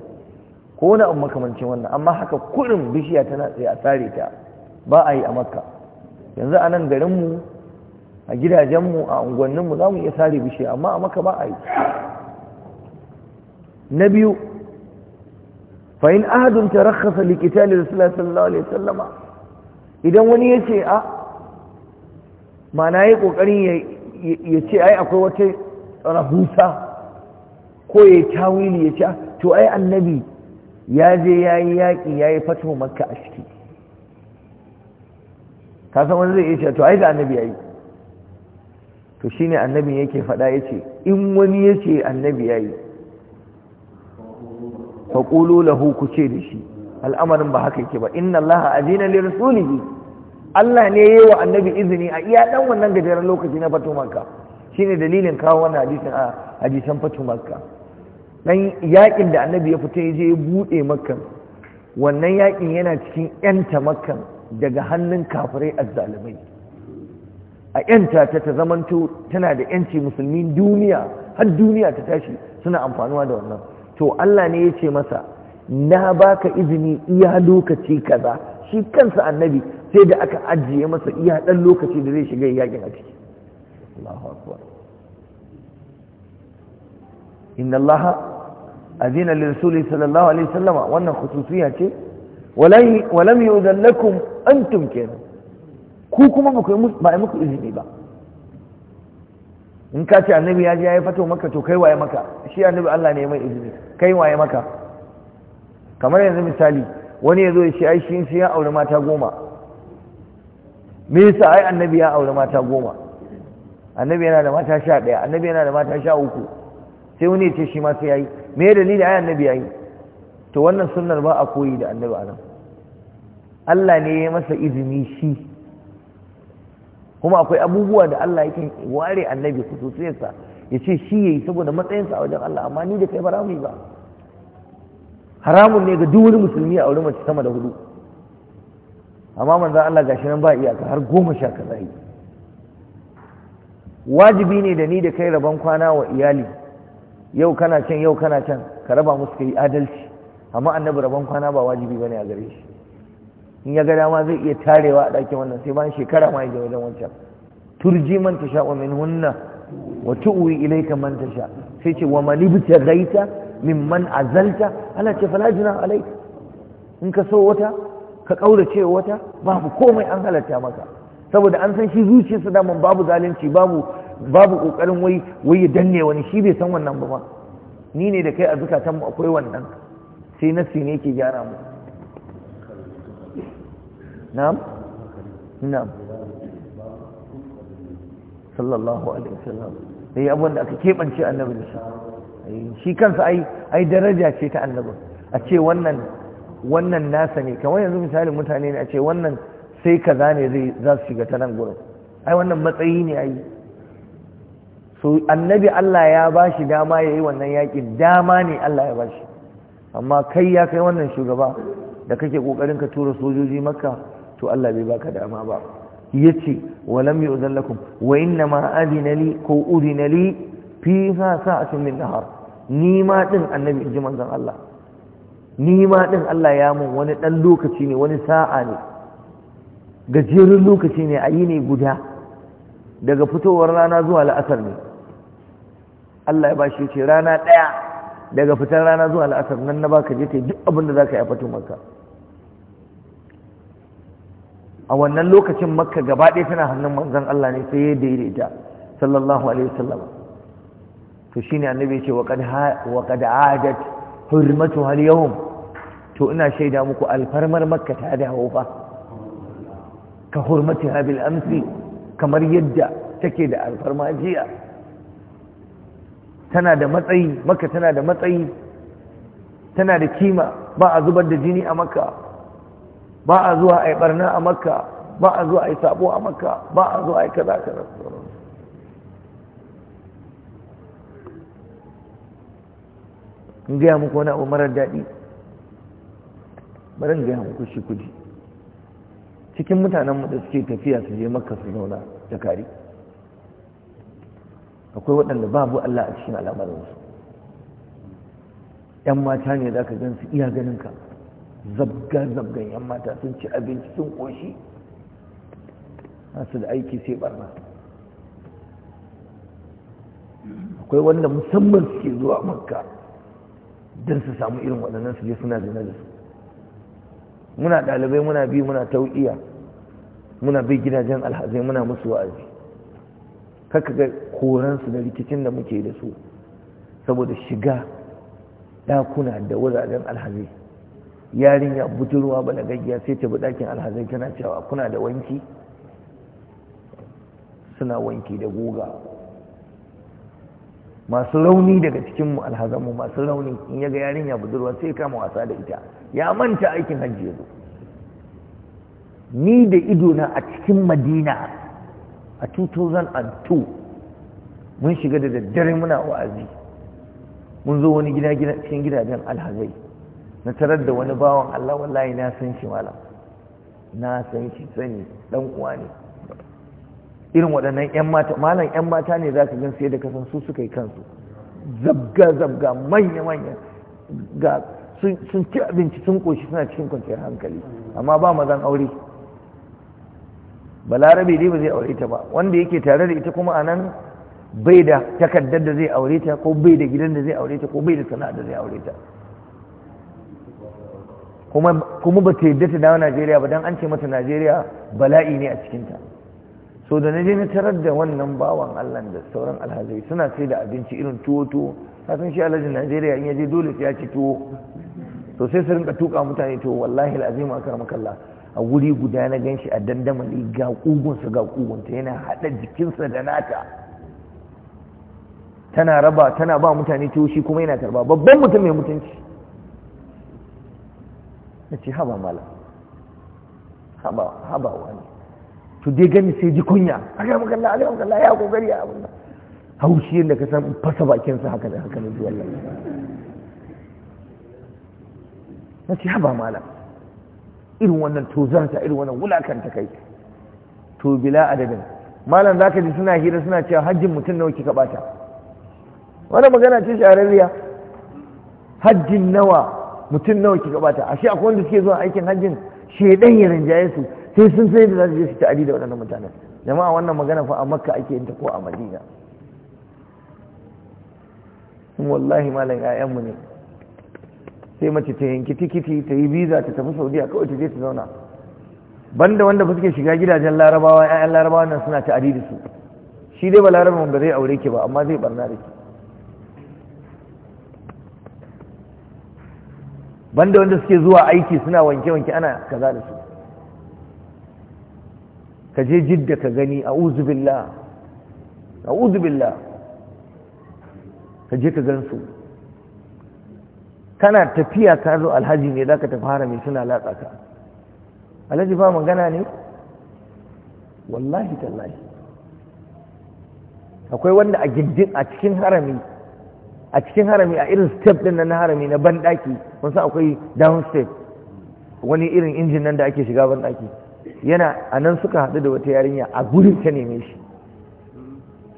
ko wani abu makamancin wannan amma haka kurin bishiya tana tsaye a tsare ta ba a yi a makka yanzu a nan garinmu a gidajenmu a unguwanninmu za mu iya tsare bishiya amma a makka ba a yi na biyu fahim ahadun ta rakasa likita ne da sallallahu alaihi sallama idan wani ya ce a mana ya yi ƙoƙarin ya ce ai akwai wata rahusa ko ya tawili ya ce ah, to ai annabi ya je ya yi yaƙi ya yi fato makka a ciki kasan wani zai iya ce to ai da annabi ya yi to shi ne ya yake faɗa ya ce in wani ya ce annabi ya yi faƙulo lahu ku ce da shi al'amarin ba haka yake ba inna allaha azina li rasulihi Allah ne ya yi wa annabi izini a iya ɗan wannan gajeren lokaci na fato makka ne dalilin kawo wannan hadisin a hadisan fato makka dan yakin da annabi ya fita ya je ya buɗe makka wannan yakin yana cikin yanta makka daga hannun kafirai azzalumai a yanta ta ta zamanto tana da yanci musulmi duniya har duniya ta tashi suna amfanuwa da wannan to Allah ne ya ce masa na baka izini iya lokaci kaza shi kansa annabi sai da aka ajiye masa iya dan lokaci da zai shiga yakin a ciki Allahu akbar inna allaha azina lirrasuli sallallahu alaihi wasallam wannan khususiya ce walai walam yu'zan lakum antum kenan ku kuma ba ku ba muku izini ba in ka ce annabi ya je ya yi fato maka to kai waye maka shi annabi Allah ne mai izini kai waye maka kamar yanzu misali wani ya zo ya ce ai shi ya aure mata goma me yasa ai annabi ya aure mata goma annabi yana da mata sha ɗaya annabi yana da mata sha uku sai wani ya ce shi ma sai yayi me dalili ai annabi yayi to wannan sunnar ba a koyi da annabi anan Allah ne ya masa izini shi kuma akwai abubuwa da Allah yake ware annabi khususiyarsa ya ce shi yayi saboda matsayinsa a wajen Allah amma ni da kai ba za mu yi ba haramun ne ga duk wani musulmi a wurin mace sama da hudu amma manzo Allah gashi nan ba iyaka har goma sha kaza yi wajibi ne da ni da kai rabon kwana wa iyali yau kana can yau kana can ka raba musu ka yi adalci amma annabi rabon kwana ba wajibi bane a gare shi in ya ga dama zai iya tarewa a ɗakin wannan sai bayan shekara ma yake wajen wancan turji man tasha wa min hunna wa tu'wi ilayka man tasha sai ce wa man ibtaghaita mimman azalta ala ce fala juna alayk in ka so wata ka kaurace wata babu komai an halatta maka saboda an san shi zuciyarsa daman babu zalunci babu babu ƙoƙarin wai wai ya danne wani shi bai san wannan ba ba ni ne da kai a zukatan mu akwai wannan sai na ne yake gyara mu na'am na'am sallallahu alaihi wasallam sai eh, abin da aka kebance annabi da shi eh, shi kansa ai ai daraja ce ta annabi a ce wannan wannan nasa ne kamar yanzu misalin mutane ne a ce wannan sai kaza ne zai za su shiga ta nan gurin ai wannan matsayi ne ai so annabi Allah ya ba shi dama ya yi wannan yaƙi dama ne Allah ya ba shi amma kai ya kai wannan shugaba da kake ƙoƙarin ka tura sojoji maka to Allah bai baka dama ba ya ce walam yi uzallakum wa inna ma adina li ko udina li fi ha sa'atun min nahar ni ma din annabi ji manzon Allah ni ma din Allah ya mun wani dan lokaci ne wani sa'a ne gajeren lokaci ne a yi ne guda daga fitowar rana zuwa la'asar ne Allah ya bashi ce rana ɗaya daga fitar rana zuwa al'asar nan na baka je ta duk abin da ka yi a fatu makka a wannan lokacin makka gaba ɗaya tana hannun manzon Allah ne sai ya daidaita sallallahu alaihi wasallam to shine annabi ce wa qad wa qad adat hurmatuha al-yawm to ina shaida muku alfarmar makka ta dawo fa ka hurmatiha bil amsi kamar yadda take da alfarma jiya tana da matsayi maka tana da matsayi tana da kima ba a zubar da jini a maka ba a zuwa a yi barna a maka ba a zuwa a yi sabo a maka ba a zuwa a yi kaza kaza in gaya muku wani abu marar daɗi marar gaya muku shi kuji cikin mutanenmu da suke tafiya su je maka su zauna da kari akwai waɗanda babu Allah a cikin al'amarinsu ‘yan mata ne za ka gan su iya ganinka zabga-zabgan ‘yan mata sun ci abinci sun ƙoshi nasu da aiki sai barna akwai wanda musamman suke zuwa makka don su samu irin waɗannan su je suna zina da su muna ɗalibai muna bi muna tau'iya muna bi gidajen alhazai muna musu wa'azi kaka ga koransu da rikicin da muke da su saboda shiga dakuna da wuraren alhazai yarinya budurwa gaggiya sai ta bi ɗakin alhazai tana cewa kuna da wanki suna wanki da goga masu rauni daga cikinmu alhazanmu masu rauni in yaga yarinya budurwa sai kama wasa da ita ya manta aikin hajji ya zo ni da idona a cikin madina a 2002 mun shiga da daddare muna wa'azi mun zo wani gida cikin gidajen alhazai na tarar da wani bawan Allah wallahi na san shi malam na san shi sani dan uwa ne irin waɗannan ƴan mata malam ƴan mata ne za ka gan sai da kasan su suka yi kansu zabga zabga manya manya ga sun ci abinci sun koshi suna cikin kwanciyar hankali amma ba mazan aure balarabe ne ba zai aure ta ba wanda yake tare da ita kuma anan bai da takaddar da zai aure ta ko bai da gidan da zai aure ta ko bai da sana'a da zai aure ta kuma kuma ba ta yadda ta dawo Najeriya ba dan an ce mata Najeriya bala'i ne a cikin ta so da naje na tarar da wannan bawan Allah da sauran alhazai suna sai da abinci irin tuwo tuwo ka san shi alhajin Najeriya in ya dole sai ya ci tuwo "Sosai sai su rinka tuka mutane tuwo, wallahi alazim akar makalla a wuri guda na gan shi a dandamali ga kugunsa ga kugunta yana haɗa jikinsa da nata tana raba tana ba mutane tuwo kuma yana karba babban mutum mai mutunci na ce haba mala haba haba wani to dai gani sai ji kunya aka maka a alaihi wa ya kokari a abin haushi yadda ka san fasa bakinsa haka da haka ne zuwa Allah na ce haba mala irin wannan to zan tozanta irin wannan wulakan ta kai to bila adadin malam zaka ji suna hira suna cewa hajjin mutum nawa kika bata wannan magana ce shahararriya hajjin nawa mutum nawa kika bata ashe akwai wanda suke zuwa aikin hajjin shedan ya rinjaye su sai sun sai da za su je su ta'adi da waɗannan mutanen jama'a wannan magana fa a makka ake yin ta ko a madina wallahi malam 'ya'yanmu ne sai mace ta yanki tikiti ta yi biza ta tafi a kawai ta je ta zauna banda wanda ba suke shiga gidajen larabawa 'ya'yan larabawa nan suna ta adidi su shi dai ba larabawan ba zai aure ki ba amma zai barna da ki banda wanda suke zuwa aiki suna wanke-wanke ana kaza da su ka je jidda ka gani a uzubillah a uzubillah ka je ka su kana tafiya ka zo alhaji ne za ka tafi harami suna latsa ka alhaji ba magana ne wallahi tallahi akwai wanda a gindin a cikin harami a cikin harami a irin step din na harami na bandaki kun akwai down step wani irin injin nan da ake shiga bandaki yana a nan suka haɗu da wata yarinya a gurin ta neme shi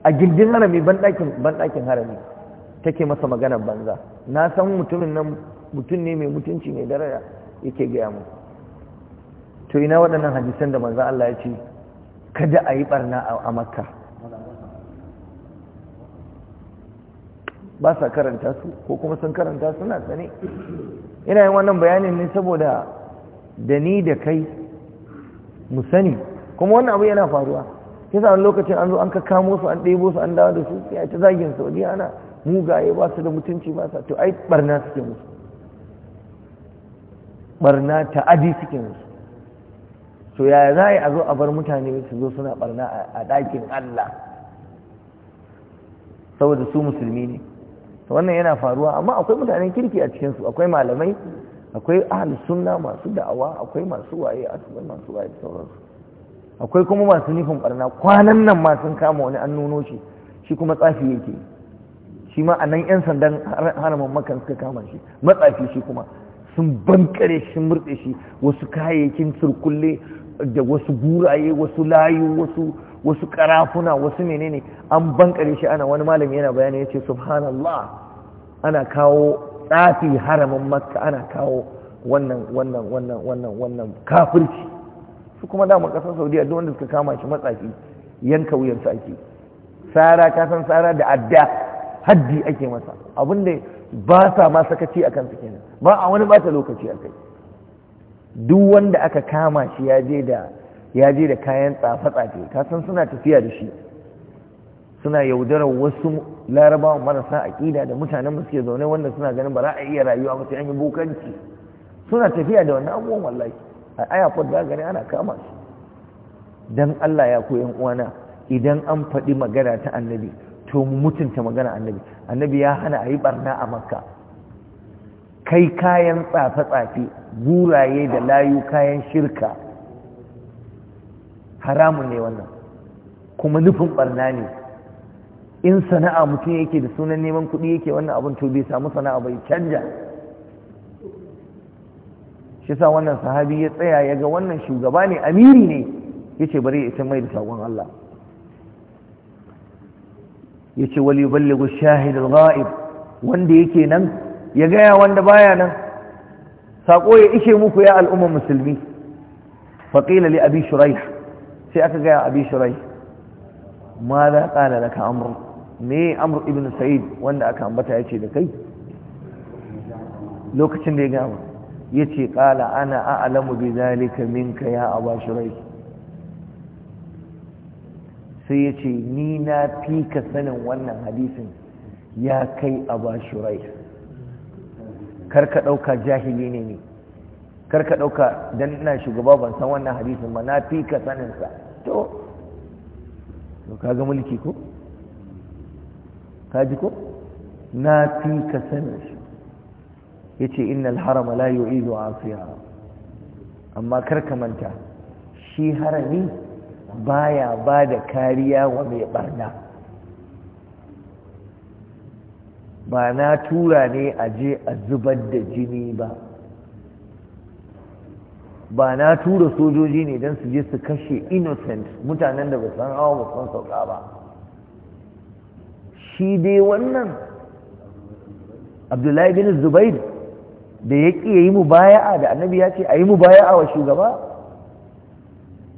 a gindin harami bandakin bandakin harami take masa maganar banza na san mutumin nan mutum ne mai mutunci mai daraja yake gaya mu to ina waɗannan hadisan da manzo Allah ya ce kada a yi barna a makka ba sa karanta su ko kuma sun karanta suna sane ina yin wannan bayanin ne saboda da ni da kai mu sani kuma wannan abu yana faruwa kisa wani lokacin an zo an ka kamo su an ɗebo su an dawo da su ya ta zagin saudiya ana mugaye ba su da mutunci ba sa to ai barna suke musu barna ta'adi suke musu to yaya za a zo a bar mutane su zo suna barna a ɗakin Allah saboda su musulmi ne to wannan yana faruwa amma akwai mutanen kirki a cikinsu akwai malamai akwai ahalus sunna masu da'awa akwai masu waye akwai masu waye sauransu akwai kuma masu nufin barna kwanan nan ma sun kama wani an nuno shi shi kuma tsafi yake shi ma a nan 'yan sandan haramun makan suka kama shi matsafi shi kuma sun bankare shi murɗe shi wasu kayayyakin turkulle da wasu guraye wasu layu wasu wasu karafuna wasu menene an bankare shi ana wani malami yana bayani ya ce subhanallah ana kawo tsafi haramun makka ana kawo wannan wannan wannan wannan wannan kafirci su kuma damar kasar saudiya duk wanda suka kama shi matsafi yanka wuyansu ake tsara ka san tsara da adda haddi ake masa abinda ba sa ma sakaci a kansu kenan ba a wani bata lokaci a kai duk wanda aka kama shi ya je da kayan tsafe-tsafe kasan suna tafiya da shi suna yaudarar wasu larabawa marasa aƙida da mutanen suke zaune wanda suna ganin ba za a iya rayuwa ba sai yi bokanci suna tafiya da wannan abubuwan wallahi a airport za gani ana kama su dan Allah ya yan uwana idan an faɗi magana ta annabi to mu mutunta magana annabi annabi ya hana a yi barna a makka kai kayan tsafe-tsafe guraye da layu kayan shirka haramun ne wannan kuma nufin barna ne in sana'a mutum yake da sunan neman kuɗi yake wannan abin to bai samu sana'a bai canja shi sa wannan sahabi ya tsaya ya ga wannan shugaba ne amiri ne ya ce bari ya isa mai da saƙon Allah yace wal yuballighu shahid al-ghaib wanda yake nan ya gaya wanda baya nan Saƙo ya ishe muku ya al'umma musulmi faqila li abi shuraih sai aka gaya abi shuraih ma za qala laka amr me Amur ibn sa'id wanda aka ambata yace da kai lokacin da ya gama yace qala ana a'lamu bi zalika minka ya abu shuraih sai ya ce ni na fi ka sanin wannan hadisin ya kai a ba shurai karka ɗauka jahili ne ne karka ɗauka don ina shugaba ban san wannan hadisin ma na fi ka saninsa to ka ga mulki ko ka ji ko na fi ka sanin shi ya ce innal harama la yu'idu a amma karka manta shi harami baya ba da kariya wa mai barna ba na tura ne a je a zubar da jini ba ba na tura sojoji ne don su je su kashe innocent mutanen da ba san hawa ba san sauka ba shi dai wannan abdullahi bin zubair da ya ƙi ya yi mubaya'a da annabi ya ce a yi mubaya'a wa shugaba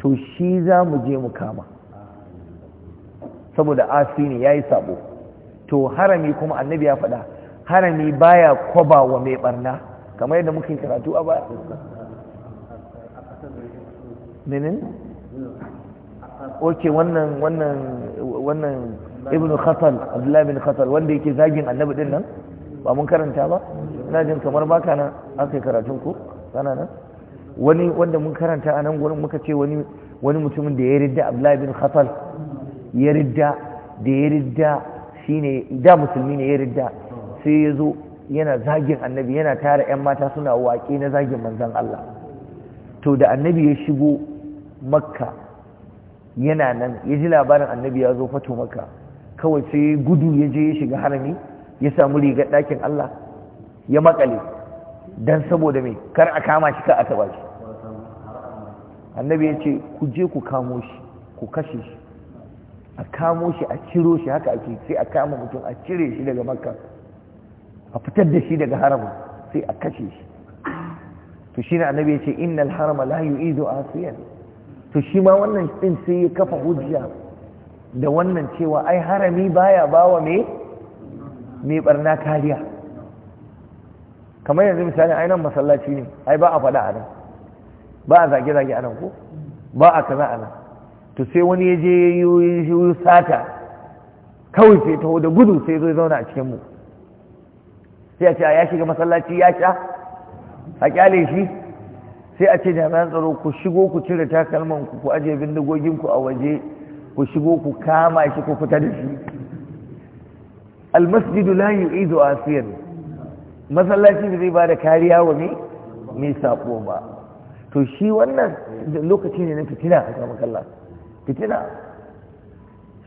to shi za mu je mu kama saboda asi ne ya yi sabo to harami kuma annabi ya faɗa harami baya kwaba wa mai barna kamar yadda muke karatu a baya menin? oke wannan wannan wannan ibn khatal abdullahi bin khatal wanda yake zagin annabi din nan ba mun karanta ba ina jin kamar baka nan aka yi karatun ku kana nan wani wanda mun karanta a nan gurin muka ce wani mutumin da ya ridda Abdullahi bin Khatal ya ridda da ya ridda shine da musulmi ne ya ridda sai ya zo yana zagin annabi yana tara yan mata suna waƙe na zagin manzon Allah to da annabi ya shigo makka yana nan ya ji labarin annabi ya zo fato makka kawai sai gudu ya je ya shiga harami ya samu rigar ɗakin Allah ya makale don saboda mai kar a kama shi ka a taba shi annabi yace ce ku je ku kamo shi ku kashe shi a kamo shi a ciro shi haka ake sai a kama mutum a cire shi daga makka a fitar da shi daga haramun sai a kashe shi to shi ne annabi ya innal harama la yu'idu asiyan to shi ma wannan din sai ya kafa hujja da wannan cewa ai harami baya bawa me barna kariya kamar yanzu misali ai nan masallaci ne ai ba a faɗa a nan ba a zage-zage anan ko ba a kaza a to sai wani ya je ya yi sata kawai sai taho da gudu sai zo zauna a cikin mu sai a ce ya shiga masallaci ya sha a kyale shi sai a ce jami'an tsaro ku shigo ku cire takalman ku ku ajiye bindigogin ku a waje ku shigo ku kama shi ku fita da shi almasjidu la yu'idu asiyan masallaci da zai bada kariya wa me mai sako ba to shi wannan lokaci ne na fitina a kama kalla fitina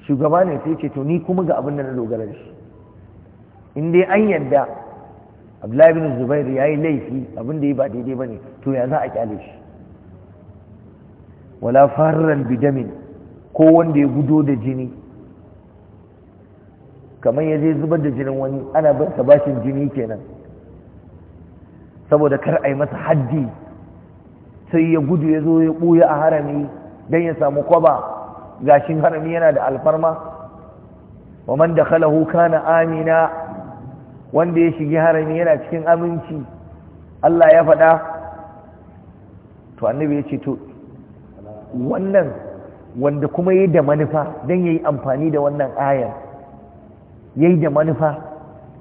shugaba ne sai ce to ni kuma ga abin da na dogara da shi in dai an yadda abdullahi bin zubair ya yi laifi abin da ya ba daidai ba ne to ya za a kyale shi wala farar bidamin ko wanda ya gudo da jini kamar ya je zubar da jinin wani ana bin bashin jini kenan saboda kar a yi masa haddi sai ya gudu ya zo ya ɓuya a harami don ya samu kwaba gashin harami yana da alfarma wa man da kalahu kana amina wanda ya shigi harami yana cikin aminci Allah ya faɗa to annabi ya ce to wannan wanda kuma yi da manufa don ya yi amfani da wannan ayar ya yi da manufa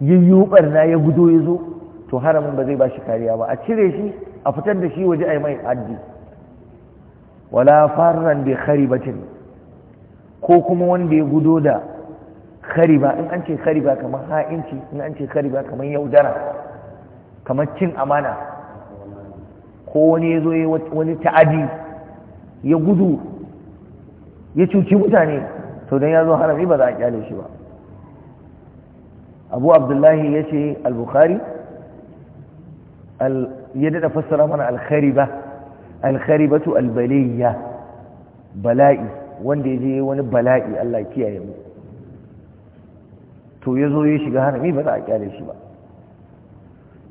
ya yi na ya gudo ya zo to haramin ba zai ba shi kariya ba a cire shi a fitar da shi waje a yi mai haddi wala farran bi kharibatin ko kuma wanda ya gudo da khariba in an ce khariba kamar ha'inci in an ce khariba kamar yaudara kamar cin amana ko wani ya zo wani ta'adi ya gudu ya cuci mutane to dan ya zo harami ba za a kyale shi ba abu abdullahi ya ce al-bukhari al bukhari ya dada fassara mana alkhariba alkharibatu albaliya bala'i wanda yaje wani bala'i Allah kiyaye mu to yazo ya shiga harami ba za a kyale shi ba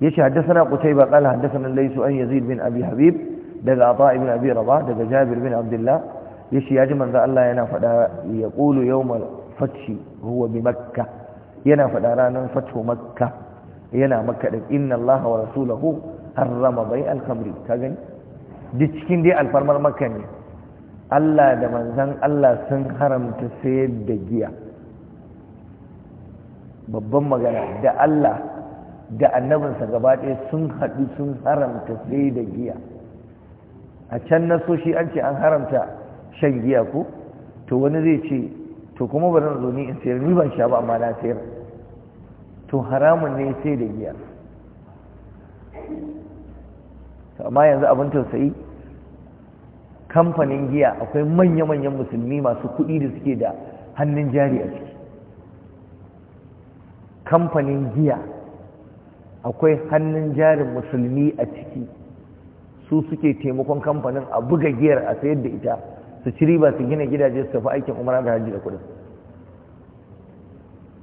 yace haddathana qutayba qala haddathana laysu an yazid bin abi habib daga ata ibn abi rabah daga jabir bin abdullah yace yaji manzo Allah yana fada yaqulu yawmal fathi huwa bi makkah yana fada ranar fathu makkah yana makka din inna allaha wa rasulahu harrama bai alkamri ka gani duk cikin dai alfarmar makka ne Allah da manzan Allah sun haramta sayar da giya babban magana da Allah da annabinsa gaba ɗaya sun haɗu sun haramta sayar da giya a can na so shi an ce an haramta shan giya ko to wani zai ce to kuma bari zo ni in sayar ni ban sha ba amma na sayar to haramun ne sai da giya amma yanzu abin tausayi kamfanin giya akwai manya-manyan musulmi masu kuɗi da suke da hannun jari a ciki kamfanin giya akwai hannun jarin musulmi a ciki su suke taimakon kamfanin a buga giyar a sayar da ita su ciri riba su gina gidaje su tafi aikin umara da hajji da kudin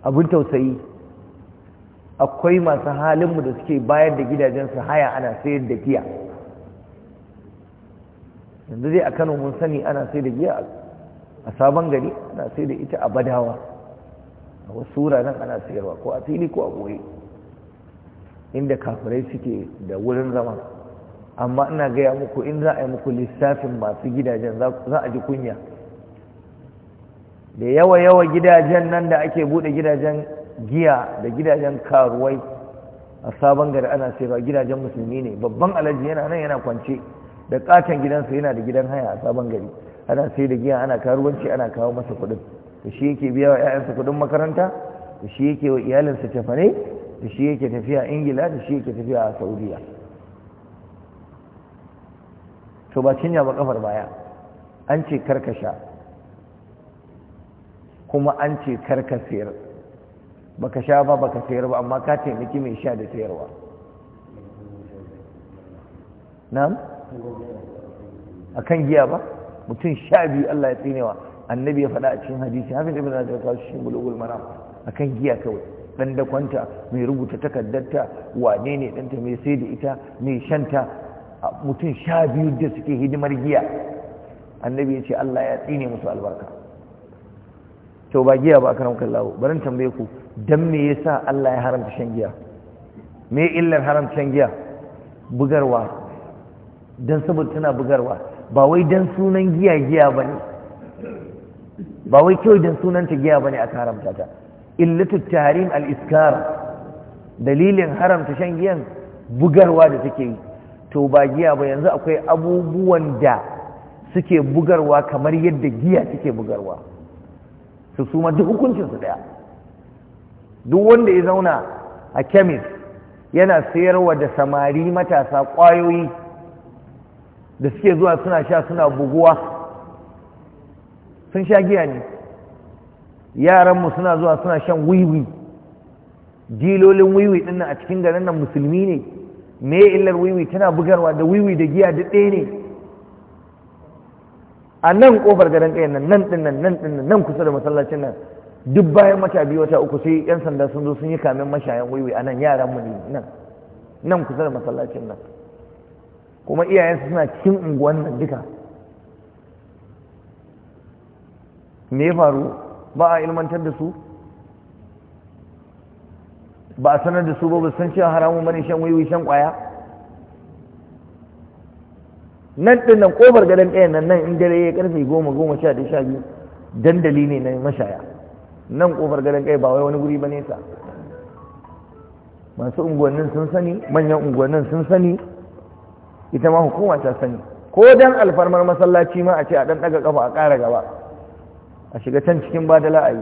abin tausayi akwai masu halinmu da suke bayar da gidajen gidajensu haya ana sayar da giya yanzu dai a kano mun sani ana sai da giya a sabon gari ana sai da ita a badawa a wasu wuraren ana sayarwa ko a fili ko a ɓoye inda kafirai suke da wurin zama amma ina gaya muku in za a yi muku lissafin masu gidajen za a ji kunya da yawa-yawa gidajen nan da ake bude gidajen giya da gidajen karuwai a sabon gari ana sayarwa gidajen musulmi ne babban alaji yana nan yana kwance da katon gidansa yana da gidan haya a sabon gari ana sai da giya ana karuwanci ana kawo masa kuɗin da shi yake biya wa 'ya'yansa kuɗin makaranta da shi yake wa iyalinsa tafane da shi yake tafiya ingila da shi yake tafiya a saudiya to ba cinya ba kafar baya an ce karkasha kuma an ce karka sayar baka sha ba baka sayar ba amma ka taimaki mai sha da sayarwa na'am akan giya ba mutum sha biyu Allah ya tsinewa annabi ya faɗa a cikin hadisi da ibn rajab ta shi bulugul a kan giya kawai ɗan da kwanta mai rubuta takardarta wane ne ɗanta, mai sai da ita mai shanta mutum sha biyu da suke hidimar giya annabi ya ce Allah ya tsine musu albarka to ba giya ba akan lawo barin tambaye ku dan me yasa Allah ya haramta shan giya me illar haramta shan giya bugarwa don saboda tana bugarwa ba wai don sunan giya giya ba ne ba wai kyau don sunanta giya ba ne aka haramta ta illatu tarim al-iskar dalilin haramta shan giyan bugarwa da take yi to ba giya ba yanzu akwai abubuwan da suke bugarwa kamar yadda giya take bugarwa su suma duk hukuncinsu daya duk wanda ya zauna a kemis yana sayarwa da samari matasa ƙwayoyi da suke zuwa suna sha suna buguwa sun sha giya ne yaranmu suna zuwa suna shan wiwi dilolin wiwi ɗin a cikin garin nan musulmi ne me illar wiwi tana bugarwa da wiwi da giya da ɗaya ne a nan ƙofar garin ɗaya nan nan ɗin nan nan ɗin nan nan kusa da masallacin nan duk bayan wata biyu wata uku sai 'yan sanda sun zo sun yi kamin mashayan wiwi a nan yaranmu ne nan nan kusa da masallacin nan kuma iyayensu suna cikin unguwan nan duka me faru ba a ilmantar da su ba a sanar da su ba san cewa haramun mani shan wiwi shan kwaya nan din nan ƙofar gadon ɗayan nan nan in dare ya karfe goma goma sha ɗaya sha biyu dandali ne na mashaya nan ƙofar gadon ɗaya ba wai wani guri ba nesa masu unguwannin sun sani manyan unguwannin sun sani ita ma hukuma ta sani ko dan alfarmar masallaci ma a ce a dan daga kafa a ƙara gaba a shiga can cikin badala a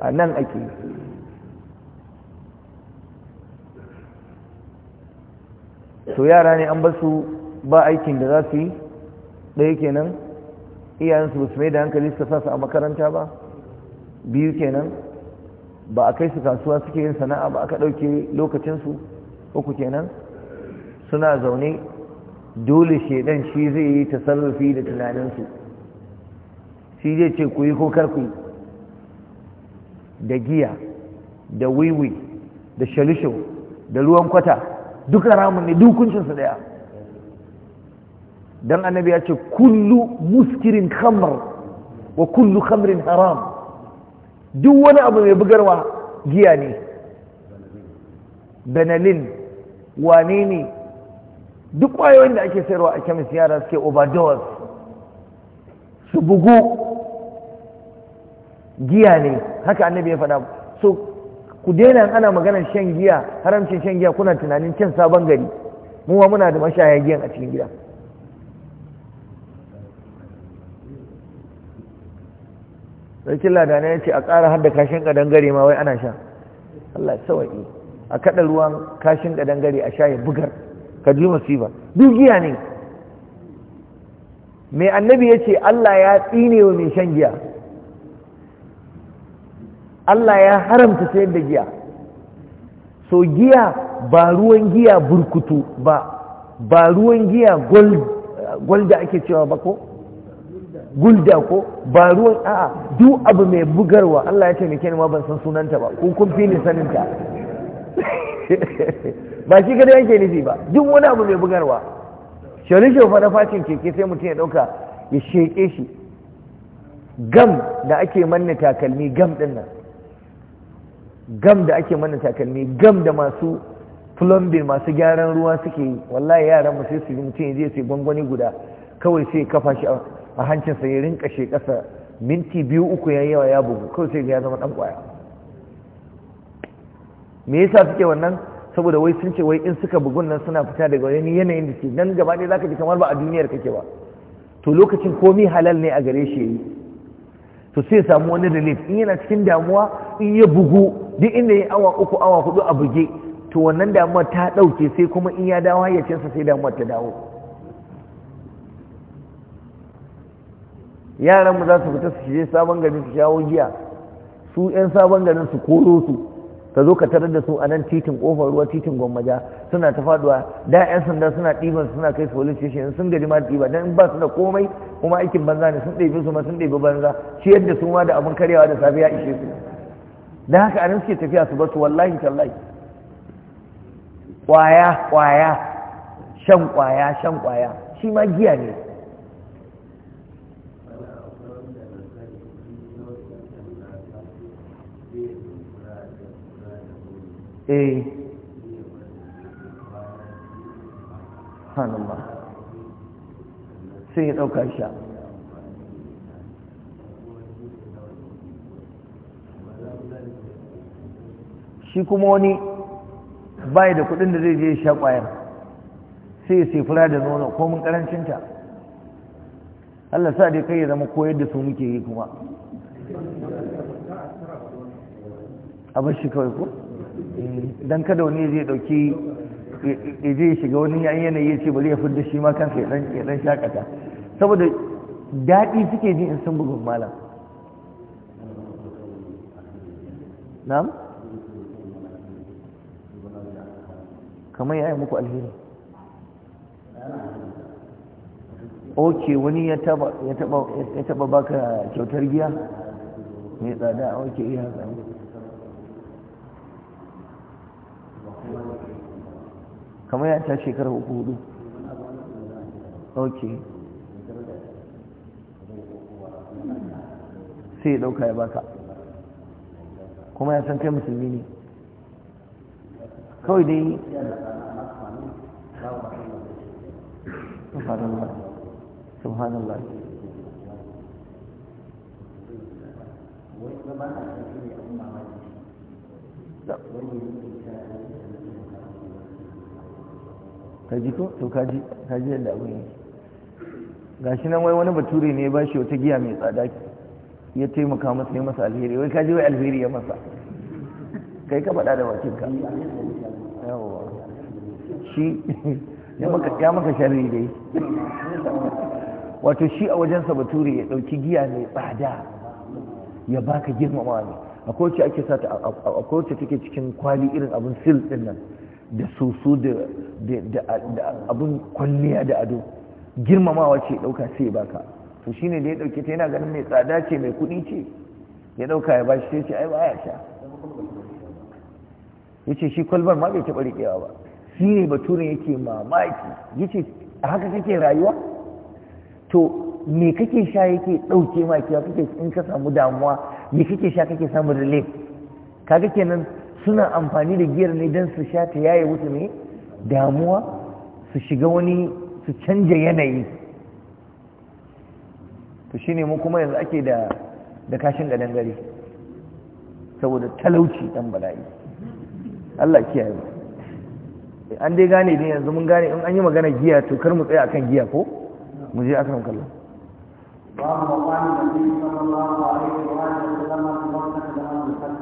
a nan ake to yara ne an su ba aikin da za su yi ɗaya kenan iyayensu su mai da hankali su sa a makaranta ba biyu kenan ba a kai su kasuwa suke yin sana'a ba aka ɗauke lokacinsu uku kenan suna zaune dole shaidan shi zai yi tasarrufi da tunaninsu shi zai ce ku yi ko karku. da giya da wiwi da shalisho da ruwan kwata duk ramun ne dukuncinsu daya don annabi ya ce kullu muskirin khamr wa kullu khamrin haram duk wani abu mai bugarwa giya ne benalin wane ne duk ƙwayoyin da ake sayarwa a kemis yara suke overdose su bugu giya ne haka annabi ya faɗa so ku daina ana maganar shan giya haramcin shan giya kuna tunanin can sabon gari mu ma muna da mashaya giyan a cikin gida sarkin ladana ya ce a ƙara har kashin ƙadan gari ma wai ana sha Allah sawa'i a kaɗa ruwan kashin ƙadan gari a sha ya bugar ka ji masifa duk ne mai annabi ya ce Allah ya tsine wa mai shan giya Allah ya haramta sayar da giya so giya ba ruwan giya burkutu ba ba ruwan giya gwalda ake cewa ba ko gulda ko ba ruwan a'a duk abu mai bugarwa Allah ya ce mai kenan ma ban san sunanta ba ko kun fi ni saninta ba shi kada yanke nufi ba duk wani abu mai bugarwa shari shofa na fashin keke sai mutum ya ɗauka ya sheƙe shi gam da ake manna takalmi gam ɗin nan gam da ake manna takalmi gam da masu plumbing masu gyaran ruwa suke yi wallahi yaran mu sai su yi mutum ya je sai gwangwani guda kawai sai kafa shi a hancinsa ya rinka ƙasa minti biyu uku ya yawa ya bugu kawai sai ya zama ɗan ƙwaya me yasa suke wannan saboda wai sun ce wai in suka bugun nan suna fita daga wani yanayin da ke nan gaba ɗaya zaka ji kamar ba a duniyar kake ba to lokacin komi halal ne a gare shi yi to sai ya samu wani relief in yana cikin damuwa in ya bugu duk inda ya awa uku awa hudu a buge to wannan damuwar ta ɗauke sai kuma in ya dawo hayyacinsa sai damuwar ta dawo yaran mu za su fita su shige sabon gari su shawo giya su 'yan sabon garin su koro su ka zo ka tarar da su a nan titin kofar ruwa titin gwammaja suna ta faduwa da yan sanda suna ɗiban suna kai su police station sun gaji ma ɗiba dan ba su da komai kuma aikin banza ne sun ɗebi su ma sun ɗebi banza ciyar da su ma da abin karyawa da safiya ishe su da haka a nan suke tafiya su basu wallahi tallahi kwaya kwaya shan kwaya shan kwaya shi ma giya ne eh sai sha shi kuma wani bai da kudin da zai je sha kwayar sai ya sefura da nono ko mun ƙarancinta Allah sa dai kai ya zama koyar da su muke yi kuma a bar shi kawai ko? dan kada wani zai dauki ya shiga wani yanayi ya ce bari ya fidda shi ma kansa ya dan shakata saboda daɗi suke ji in sun bugun malam na'am kamar ya yi muku alheri ok wani ya taba baka kyautar giya mai tsada ok iya zama kamar ya ta shekara uku hudu ok sai dauka ya baka kuma ya san kai musulmi ne kawai dai subhanallah ka ji ko to ka ji yadda abin yake gashi nan wai wani bature ne ba shi wata giya mai tsada ya taimaka masa ya masa alheri wai ka ji wai alheri ya masa kai ka faɗa da bakinka ka shi ya maka sharri dai wato shi a wajensa bature ya ɗauki giya mai tsada ya baka girmama ne a kowace ake sata a kowace take cikin kwali irin abin sil ɗin nan da soso da abin kwalliya da ado girmamawa ce ɗauka sai baka to shine da ya ɗauke ta yana ganin mai tsada ce mai kuɗi ce ya ɗauka ya bashi sai ce ai baya sha ya ce shi kwalbar ma bai taɓa riƙewa ba shi ne baturin yake mamaki ya ce a haka kake rayuwa to me kake sha yake ɗauke ma kiwa kake in ka samu damuwa me kake sha kake samun relief kaga kenan suna amfani da giyar ne don su sha ta yaye wuce mai damuwa su shiga wani su canja yanayi to shine mu kuma yanzu ake da kashin da dangare saboda talauci dan bala'i Allah kiyaye an dai gane ne yanzu mun gane in an yi magana giya to kar mu tsaya kan giya ko mu je kan kallon babu wani da sallallahu alaihi wa sallam da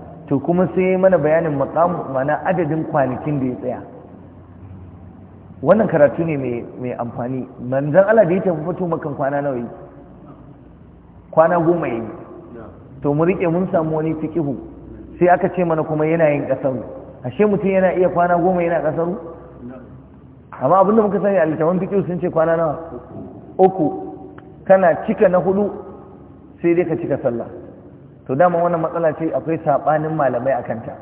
to kuma sai yi mana bayanin makamu mana adadin kwanakin da ya tsaya wannan karatu ne mai amfani manzan Allah da ya tafi fito makan kwana nawa yi kwana goma yi to mu riƙe mun samu wani fikihu sai aka ce mana kuma yana yin ƙasaru ashe mutum yana iya kwana goma yana ƙasaru amma abinda muka sani a littafin fikihu sun ce kwana nawa uku kana cika na hudu sai dai ka cika sallah to dama wannan matsala ce akwai saɓanin malamai a kanta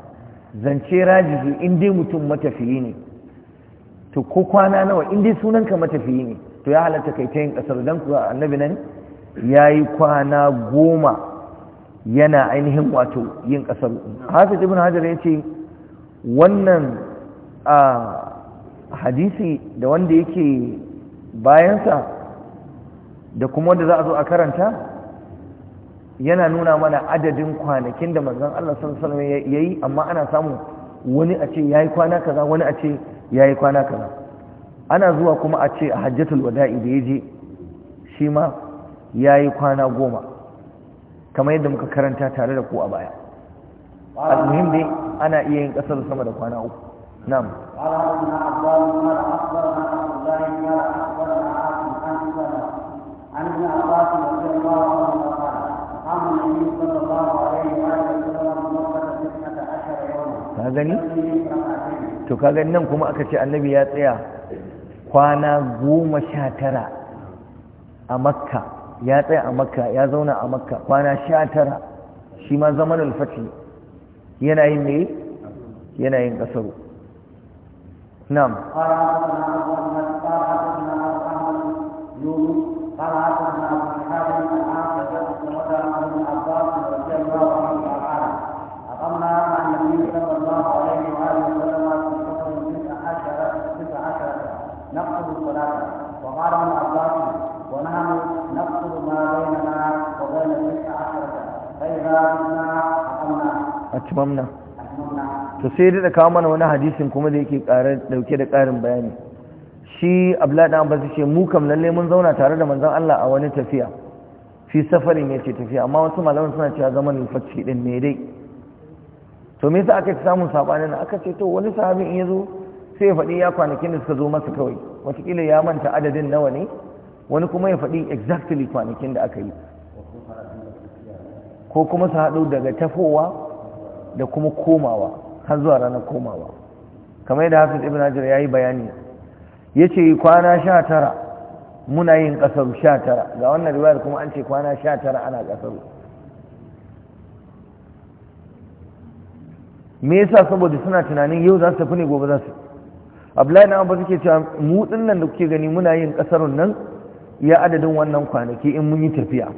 zance rajiji. in dai mutum matafiyi ne to ko kwana nawa in dai sunanka matafiyi ne to ya halatta kai ta yin ƙasar dan kuwa annabi nan yayi kwana goma yana ainihin wato yin ƙasar hafiz ibn hajar ya ce wannan hadisi da wanda yake bayansa da kuma wanda za a zo a karanta yana nuna mana adadin kwanakin da manzon Allah sallallahu alaihi wasallam yayi amma ana samu wani a ce yayi kwana kaza wani a ce yayi kwana kaza ana zuwa kuma a ce a hajjatul wada'i da yaje shi ma yayi kwana goma kamar yadda muka karanta tare da ku a baya al-muhim dai ana iya yin kasar sama da kwana uku na'am عن ابن عباس رضي الله عنه قال قام النبي صلى الله عليه وسلم gani to ka gani nan kuma aka ce annabi ya tsaya kwana goma sha tara a makka ya tsaya a makka ya zauna a makka kwana sha tara shi ma zaman alfati yana yin ne yana yin kasaru nam قال واما مع النبي صلى الله عليه واله وسلم في سفر تسع عشره تسع عشره نقصد الصلاه وقال ابن عباس ونحن نقصد ما بيننا وبين تسع عشره فاذا كنا اقمنا اتممنا to sai da kawo mana wani hadisin kuma da yake dauke da karin bayani shi abla da ambata ce mu kam lalle mun zauna tare da manzon Allah a wani tafiya fi safarin ce tafiya amma wasu malaman suna cewa zaman al din ne dai to me yasa aka samu na aka ce to wani sahabi in yazo sai ya faɗi ya kwanakin da suka zo masa kawai wataƙila ya manta adadin nawa ne wani kuma ya faɗi exactly kwanakin da aka yi ko kuma su haɗu daga tafowa da kuma komawa har zuwa ranar komawa kamar yadda hafiz ibn hajar ya yi bayani ya ce kwana sha tara muna yin ƙasar sha tara ga wannan riwayar kuma an ce kwana sha tara ana ƙasaru. me yasa saboda suna tunanin yau za su tafi ne gobe za su abdullahi na abu suke cewa mu nan da kuke gani muna yin kasarun nan ya adadin wannan kwanaki in mun yi tafiya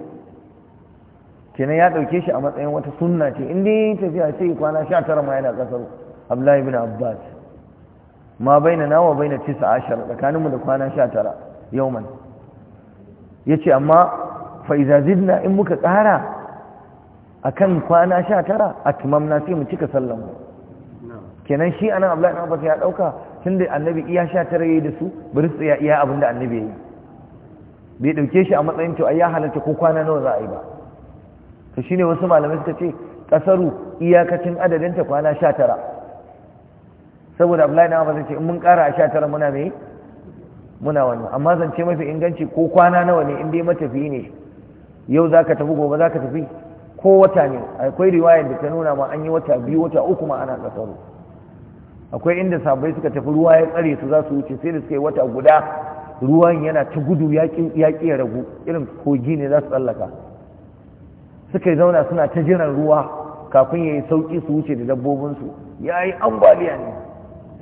kenan ya ɗauke shi a matsayin wata sunna ce in dai yi tafiya ce kwana sha tara ma yana kasaru abdullahi bin abbas ma baina na wa baina tisa ashar tsakaninmu da kwana sha tara yau man, yace amma idza zidna in muka kara akan kwana sha tara a tumamna sai mu cika sallan mu kenan shi anan abdullahi ibn abbas ya dauka tunda annabi iya sha tara yayi da su bari su ya iya abinda annabi yayi bai dauke shi a matsayin to ya halatta ko kwana nawa za a yi ba to shine wasu malamai suka ce kasaru iyakacin adadin ta kwana sha tara saboda abdullahi ibn abbas ya ce in mun kara a sha tara muna mai muna wannan amma zance mafi inganci ko kwana nawa ne in dai matafi ne yau za ka tafi gobe za ka tafi ko wata ne akwai riwayar da ta nuna ma an yi wata biyu wata uku ma ana kasaro akwai inda sabai suka tafi ruwa ya tsare su za su wuce sai da suka yi wata guda ruwan yana ta gudu ya ya ragu irin kogi ne za su tsallaka suka yi zauna suna ta jiran ruwa kafin ya yi sauki su wuce da dabbobinsu ya yi ambaliya ne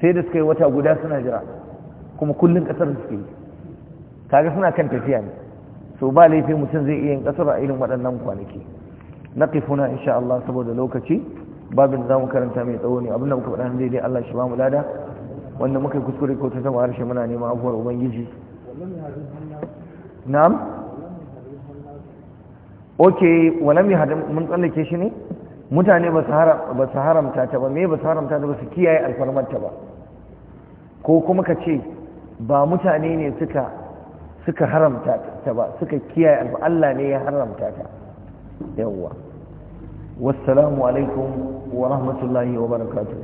sai da suka yi wata guda suna jira kuma kullum kasar suke yi kaga suna kan tafiya ne so ba laifin mutum zai iya yin kasar a irin waɗannan kwanaki naqifuna insha Allah saboda lokaci babin zamu karanta mai tsawo ne abinda muka faɗa daidai Allah shi ba mu lada wanda muka yi kuskure ko ta zama harshe muna neman afuwar ubangiji na'am okay walam yahdim mun tsallake shi ne mutane ba su haramta ta ba me ba su haramta ta ba su kiyaye alfarmar ta ba ko kuma ka ce ba mutane ne suka haramta ta ba suka kiyaye ba? Allah ne ya haramta ta yawwa wassalamu alaikum wa rahmatullahi wa barakatuh